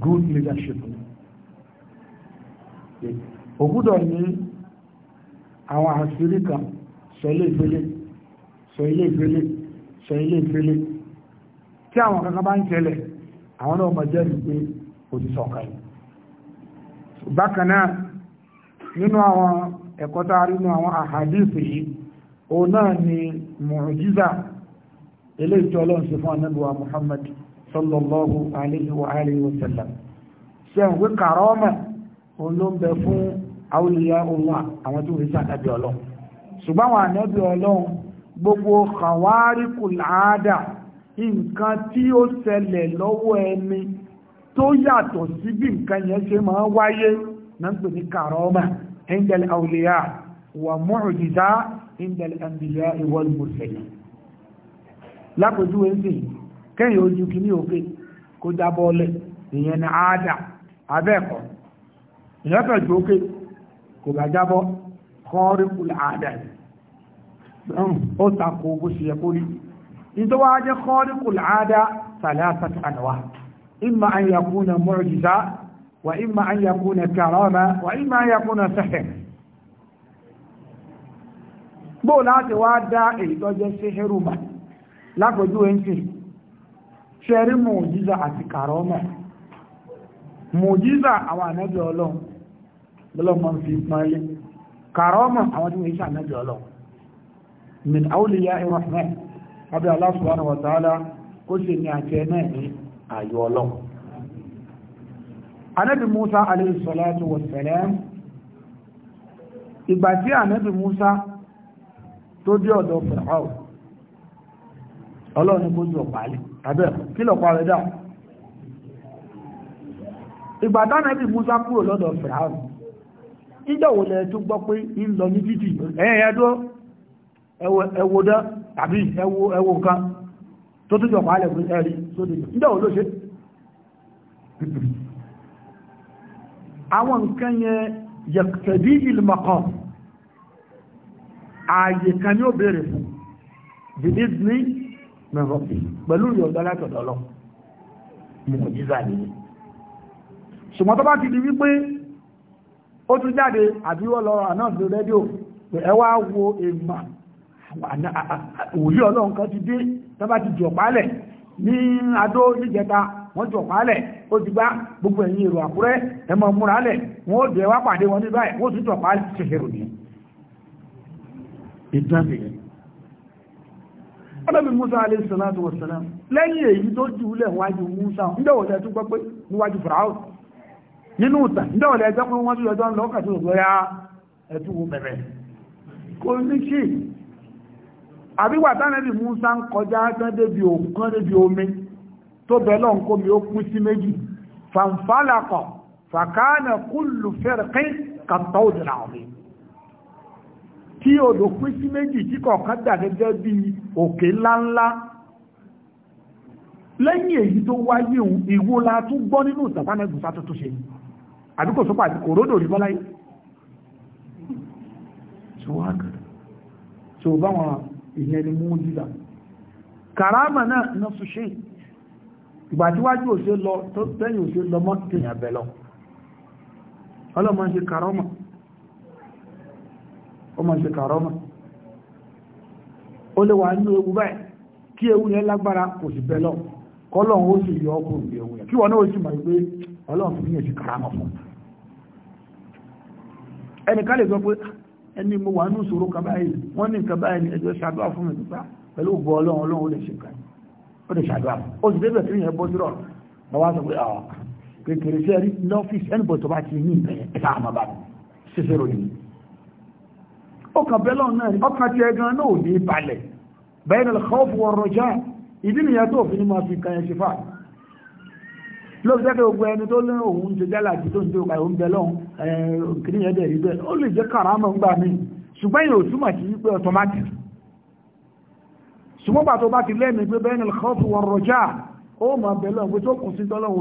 good leadership o gbúdọ̀ ní àwọn àṣírí kan sọ ilé ìfẹ́lé sọ ilé ìfẹ́lé sọ ilé ìfẹ́lé tí àwọn kankan bá ń tẹ́lẹ̀ àwọn náà mọ̀ jẹ́rìí pé kò ti yìí bákan náà nínú àwọn ẹ̀kọ́ tá a rí nínú àwọn àhàdíìsì yìí òun náà ni mùjíza eléyìí tí ọlọ́run ṣe fún anábíwá Muhammad sallallahu alayhi wa alayhi wa sallam ṣe ń wí kàrọ́mà òun ló ń bẹ fún awliya Allah àwọn tó ń sá ànábì ọlọ́run ṣùgbọ́n àwọn ànábì ọlọ́run gbogbo khawarikul aada nǹkan tí ó ṣẹlẹ̀ lọ́wọ́ ẹni tó yàtọ̀ sí bí nǹkan yẹn ṣe máa wáyé náà ń pè ní kàrọ́mà indal awliya wa mu'jiza indal anbiya wal mursalin lápòjúwe ń sìn kẹ́yìn ojú kìíní òkè kó jábọ́lẹ̀ ìyẹn ni àádà abẹ́ẹ̀kọ́ ìyọ́tọ̀ jù òkè kò bá jábọ́ kọ́ríkù àádà ó takò bó ṣe yẹ kó rí ní tó wáá jẹ́ kọ́ríkù àádà sàlásàtì àdàwà ìmà an yakuna mu'jiza wa ìmà an yakuna karama wa ìmà an yakuna sihr bó láti wá dá èyí tó jẹ́ síhẹ́rù mà lápẹjú ẹ̀ńsìn ṣẹ́rí mùjíza àti kàrọ́mà mùjíza àwọn ànábì ọlọ́run lọ́lọ́mọ fi pọ́nlé kàrọ́mà àwọn tí wọ́n iṣẹ́ ànábì ọlọ́run min awliya irrahman abi Allah subhanahu wa ta'ala kó ṣe ní àti ẹ̀ náà ní ààyò ọlọ́run ànábì Musa alayhi salatu kó jù ọ̀pá àbẹ́ kí lọ̀pọ̀ rẹ̀ dà ìgbà tánàbí Musa kúrò lọ́dọ̀ Fìràún ìjọwò lẹ̀ tó gbọ́ pé ń lọ ní títì ẹ̀yẹn ẹ̀dọ́ ẹwò dán tàbí ẹwò nǹkan tó tó jọpọ̀ alẹ́ fún ẹ̀rí sódì ìjọwò ló ṣe àwọn nǹkan yẹn yẹ̀kẹ̀dí ìlmọ̀kọ̀ ààyè kan ní ó bèèrè fún mẹ́fọ́ pè pẹ̀lú ìyọ̀ǹda látọ̀dọ̀ lọ mọ̀ jíza nìyí ṣùgbọ́n tó bá ti di wípé ó tún jáde àbí wọ́n lọ àná sí rédíò pé ẹ wá wo èèmà òwúlé ọlọ́run kan ti dé tó bá ti jọ pálẹ̀ ní adó níjẹta wọ́n jọ pálẹ̀ ó ti gbá gbogbo ẹ̀yìn èrò àkúrẹ́ ẹ mọ̀ múra lẹ̀ wọ́n ó dẹ̀ wá pàdé wọn ní báyìí wọ́n tún jọ pálẹ̀ ṣẹ̀ṣẹ̀ rò ní ìtàn Ànábì Musa alayhi salatu wa salam lẹ́yìn èyí tó jù ú lẹ̀ wájú Musa ńdẹ̀wọ̀lẹ̀ tó gbọ́ pé níwájú Fìràwọ̀ nínú ìtàn ńdẹ̀wọ̀lẹ̀ ẹgbẹ́ pé wọ́n tún yọjọ́ ń lọ́kà tó lọ́gbọ́ ya ẹ̀tù wo bẹ̀rẹ̀ kò ní ṣe àbíwà tánẹ́bì Musa ń kọjá tán débi òkun débi omi tó bẹ̀ lọ́n kó mi ó pín sí méjì fanfalakọ̀ fàkánà kúlù fẹ́rẹ̀kín kàtọ́ òdìrà ọ̀rẹ́ tí odò pín sí méjì tí kọ̀ọ̀kan dà gẹ́gẹ́ bí òkè ńláńlá lẹ́yìn èyí tó wáyé òun ìwo la tún gbọ́ nínú ìtàpánẹ́gùn sátótó ṣe àbí kò sọ́pàá àti kòródò rí bọ́láyé tí ó bá wọn ìyẹn ni mú jíza kàrámà náà iná sùn ṣe ìgbà tí wájú òṣè tó tẹ́yìn òṣè mọ́ tèèyàn bẹ̀ lọ ọlọ́mọ ṣe kàrámà ọmọ ìṣe kàrọ́mà ó lè wà nínú ewu báyìí kí ewu yẹn lágbára kò sì bẹ́ lọ kọ́lọ́hún ó sì yọ ọkùnrin bí ewu yẹn kí wọn náà ó sì mọ̀ pé ọlọ́run fi yẹn ti kàrámà fún ẹnìkan lè sọ pé ẹni mo wà nínú ìṣòro kan báyìí wọ́n ní nǹkan báyìí ẹjọ́ ṣàdúrà fún mi nípa pẹ̀lú ògbọ́ ọlọ́run ọlọ́run ó lè ṣe nǹkan ó lè ṣàdúrà fún ó sì débẹ̀ kí yẹn bọ́ sí mo wá sọ pé ah, kékeré sí lọ́fíìsì ẹnìbọ̀ bá ti ní ìbẹ̀yẹn ẹ̀ka ọkàn bẹ́lọ̀ náà ni ọkàn ti ẹgan náà ò ní balẹ̀ bẹ́ẹ̀ ni ọkọ̀ ọ̀rọ̀ já ìdí nìyẹn tó fi ní máa fi kan ẹṣin fà lóòótọ́ jẹ́ pé gbogbo ẹni tó ní òun ń jẹjẹ́ láti tó ń jẹ́ òkà òun bẹ́lọ̀ kìíní yẹn dẹ̀ rí bẹ́ẹ̀ ó lè jẹ́ kàrámọ̀ ń gbà mí ṣùgbọ́n yóò túmọ̀ sí pé automatic ṣùgbọ́n bàtọ́ bá ti lẹ́nu pé bẹ́ẹ̀ ni ọkọ̀ ọ̀rọ̀ já ó máa bẹ̀lọ̀ pé tó kùn sí tọ́lọ́wọ́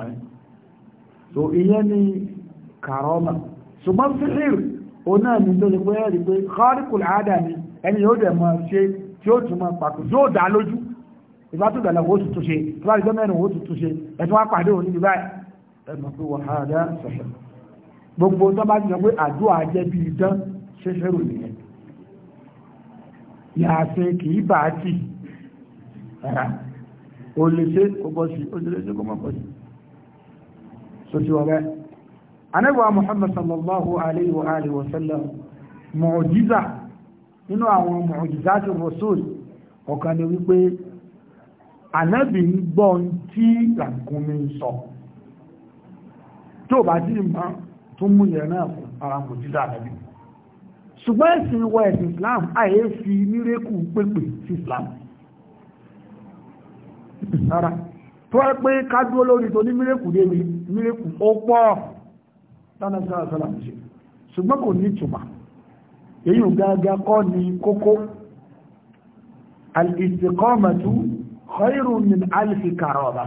olè so ìyẹn ni kàrọ́mà ṣùgbọ́n fíhìr o náà ní tó lè pé ẹ̀rí pé kọ́ríkùl àádà ni ẹni yóò dẹ̀ mọ́ ṣe tí ó tún mọ́ pàtó yóò dá lójú ìbá tó dàlà wò ó tuntun ṣe tó bá rí gbọ́n mẹ́rin wò ó tuntun ṣe ẹ̀tún wá pàdé òní bí báyìí ẹ̀mọ̀ pé wọ́n hàdá sọ̀ṣẹ̀ gbogbo tó bá ti sọ pé àdúrà jẹ́ bí idán ṣẹṣẹ́ rò nìyẹn yàtọ̀ kì í bàá tì ó lè ṣe kó bọ́ sí ó lè ṣe kó má bọ́ sí sọ́tí wọ́n bẹ́ẹ̀ anẹ́gbà muhammad sallallahu alayhi wa alihi wa sallam mu'jiza nínú àwọn mu'jizatul rasul ọ̀kan ni wípé anẹ́bì ń gbọ́ tí làkúnmi ń sọ tí ò bá sí ìmọ̀ tó mú yẹn náà ara mu'jiza anẹ́bì ṣùgbọ́n ẹ̀sìn wọ ẹ̀sìn islam àyè fi nírékù pépè sí islam rárá tó wá pé ká dúró lórí tó ní mírèkù débi mírèkù ó pọ̀ lọ́nà sára sọ́là ṣe ṣùgbọ́n kò ní ìtumà èyí ò gága kọ́ ni kókó al-istiqamatu khairun min alfi karaba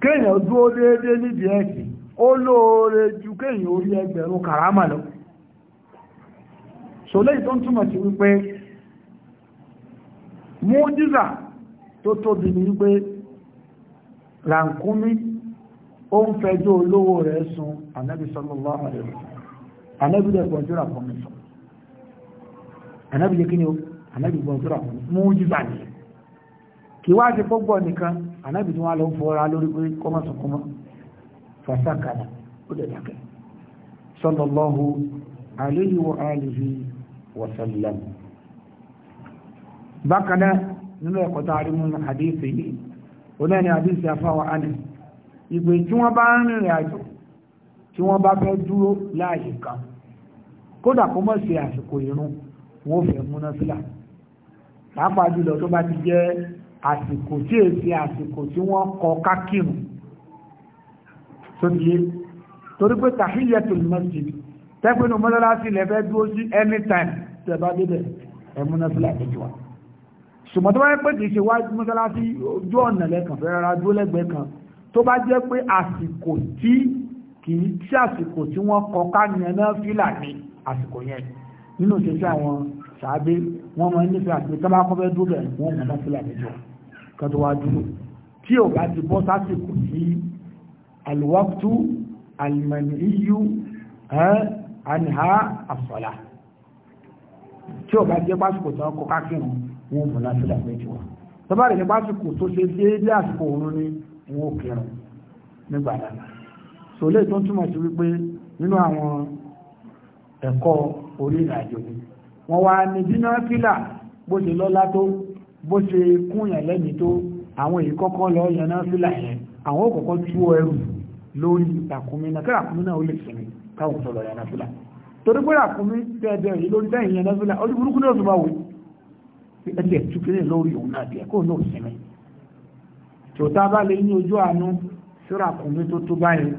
kéèyàn dúró déédéé nídìí ẹ̀sìn ó lóore ju kéèyàn orí ẹgbẹ̀rún karama lọ ṣòlẹ́ tó ń túmọ̀ sí wípé mújíza tó tóbi ní wípé ràǹkúmí ó ń fẹjọ́ olówó rẹ̀ sun ànábì sallallahu alaihi wasallam ànábì dẹ̀ gbọ́njúra fún mi sọ ànábì yẹ kí ni ó ànábì gbọ́njúra fún mi mú jíza ni kì wá ti fọ́gbọ́ nìkan ànábì tí wọ́n lọ fọ́ra lórí pé onáni àdísì àfáwà ánì ìgbè tí wọ́n bá ń rìnrìn àjò tí wọ́n bá fẹ́ dúró láàyè kan kódà kó mọ̀ sí àsìkò ìrun wọ́n fẹ́ múná sílà pàápàá jùlọ tó bá ti jẹ́ àsìkò tí èsì àsìkò tí wọ́n kọ kákìrùn tó ti yé torí pé tahiyatul masjid tẹ́pẹ́nu mọ́lá láti ilẹ̀ fẹ́ dúró sí anytime tẹ́ bá débẹ̀ ẹ̀ múná sílà ìjọba ṣùgbọ́n tó bá yẹ pé kì í ṣe wájú mọ́sálásí ojú ọ̀nà lẹ́kàn fẹ́ rárá dúró lẹ́gbẹ̀ẹ́ kan tó bá jẹ́ pé àsìkò tí kì í tí àsìkò tí wọ́n kọ káyẹn náà fílà ní àsìkò yẹn nínú ìṣẹ́ṣẹ́ àwọn ṣáàbí wọ́n mọ̀ nífẹ̀ẹ́ àti tó bá kọ́ fẹ́ dúró bẹ̀rẹ̀ wọ́n mọ̀ náà fílà níjọ kan tó wá dúró tí ò bá ti bọ́ sásìkò sí alwaktu almaniyu anha asọ́lá tí ò bá jẹ́ pásìkò tí wọ́n kọ kákìrùn wọn mú náfìlà méjì wá tọ́bárì ní pásíkò tó ṣe déédé àsìkò òun ni wọn ò kírun nígbà dáná sòlé tó ń túmọ̀ sí wípé nínú àwọn ẹ̀kọ́ orí ìrìnàjò ni wọ́n wá ní bí náfìlà bó ṣe lọ́lá tó bó ṣe kúnyàn lẹ́mìí tó àwọn èyí kọ́kọ́ lọ yan náfìlà yẹn àwọn ò kọ́kọ́ tú ẹrù lórí ìtàkùnmí náà kí ràkúnmí náà ó lè sinmi káwọn tó lọ yan náfìlà torí pé ràkúnmí tẹ́ẹ̀bẹ̀rẹ̀ lórí tẹ́yìn yan náfìlà ojú burúkú náà tó bá wù ẹgbẹ́ ìtúkẹ́lẹ̀ lórí òun náà díẹ̀ kó ní òsinmi tòótá bá lè ní ojú àánú síra kùnmí tó tó báyìí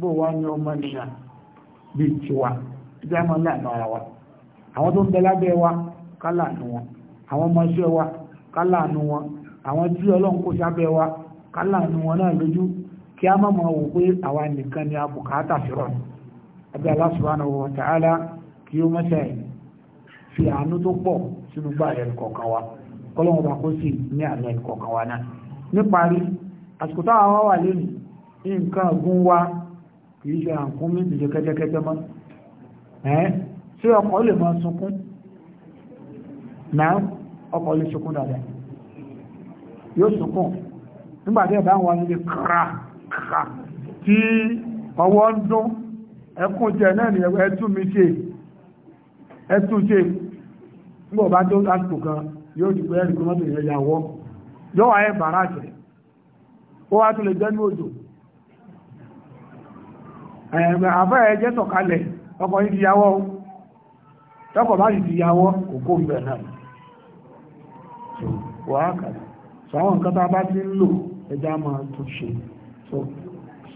bó wá ní ọmọ nìyà bíi tiwa ibi àmọ́ láàánú ara wa àwọn tó ń bẹ lábẹ́ wa ká láàánú wọn àwọn ọmọ iṣẹ́ wa ká láàánú wọn àwọn tí ọlọ́run kó sábẹ́ wa ká láàánú wọn náà lójú kí a má wò pé àwa nìkan ni a bùkátà fìrọ̀ ẹgbẹ́ Allah subhanahu wa ta'ala kí ó mọ́ṣẹ́ fi àánú tó pọ̀ sínú gbá ẹ̀rù kọ̀ọ̀kan wa kọ́lọ́wọ́n bá kó sì ní àmì ẹ̀rù kọ̀ọ̀kan wa náà níparí àsìkò táwọn wá wà lónìí nǹkan ọ̀gùn wa kìí ṣe àǹkún mí ìjọ kẹ́tẹ́kẹ́tẹ́ mọ́ ẹ́ ṣé ọkọ̀ lè máa sunkún náà ọkọ̀ lè sunkún dáadáa yóò sunkún nígbàtí ẹ̀bá wọn lè kàrà kàrà tí ọwọ́ ń dún ẹkùn jẹ náà ni ẹtù mi ṣe ẹtù ṣe nígbà bá tó lásìkò kan yóò ti pẹ́ ẹ̀rì kọ́mọ́tò yẹn yà wọ́ yóò wáyé bàrá àjẹ́ ó wá tún lè jẹ́ ní òjò ẹ̀ẹ̀gbẹ̀ àbẹ́ẹ̀ jẹ́ sọ̀kalẹ̀ ọkọ̀ yìí ti yàwọ́ tọ́kọ̀ bá sì ti kò kó ń bẹ̀ náà wà àwọn nǹkan tá a bá ti ń lò ẹja máa tún ṣe so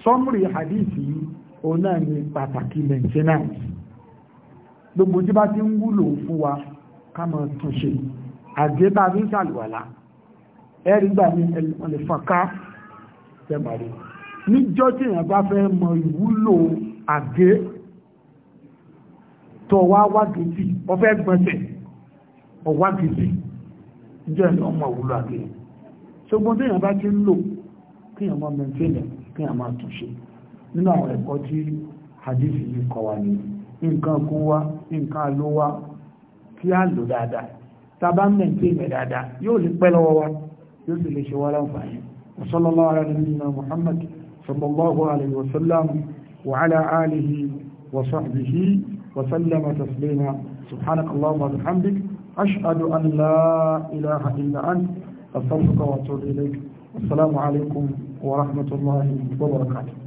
sọmúrì hadithi yìí òun náà ni pàtàkì maintenance gbogbo tí bá ti ń wúlò fún wa kama mọ̀ tún ṣe àgbébá ní ìsàlùwàlá ẹ̀rí gbà ní ẹlẹ́fọ̀ká tẹ̀mọ̀rí níjọ́ tí èèyàn bá fẹ́ mọ ìwúlò àgé tó wá wágìtì ọfẹ́ gbọ́nsẹ̀ ọwágìtì níjọ́ ẹ̀ lọ́mọ ìwúlò àgé ṣùgbọ́n tí èèyàn bá ti ń lò kí èèyàn mọ mẹ́ntẹ́lẹ̀ kí èèyàn máa tún nínú àwọn ẹ̀kọ́ tí hadith yìí kọ́ wa ní nǹkan kún wa nǹkan ló wa kí á lò dáadáa tàbá mẹ́ǹtẹ́ ìmẹ̀ dáadáa yóò lè pẹ́ lọ́wọ́ wa yóò sì lè ṣe wá láǹfààní sallallahu ala nabiyyina muhammad sallallahu alayhi wa sallam wa ala alihi wa sahbihi wa sallama taslima subhanaka allahumma wa bihamdik ashhadu an la ilaha illa ant astaghfiruka wa atubu ilayk assalamu alaykum wa rahmatullahi wa barakatuh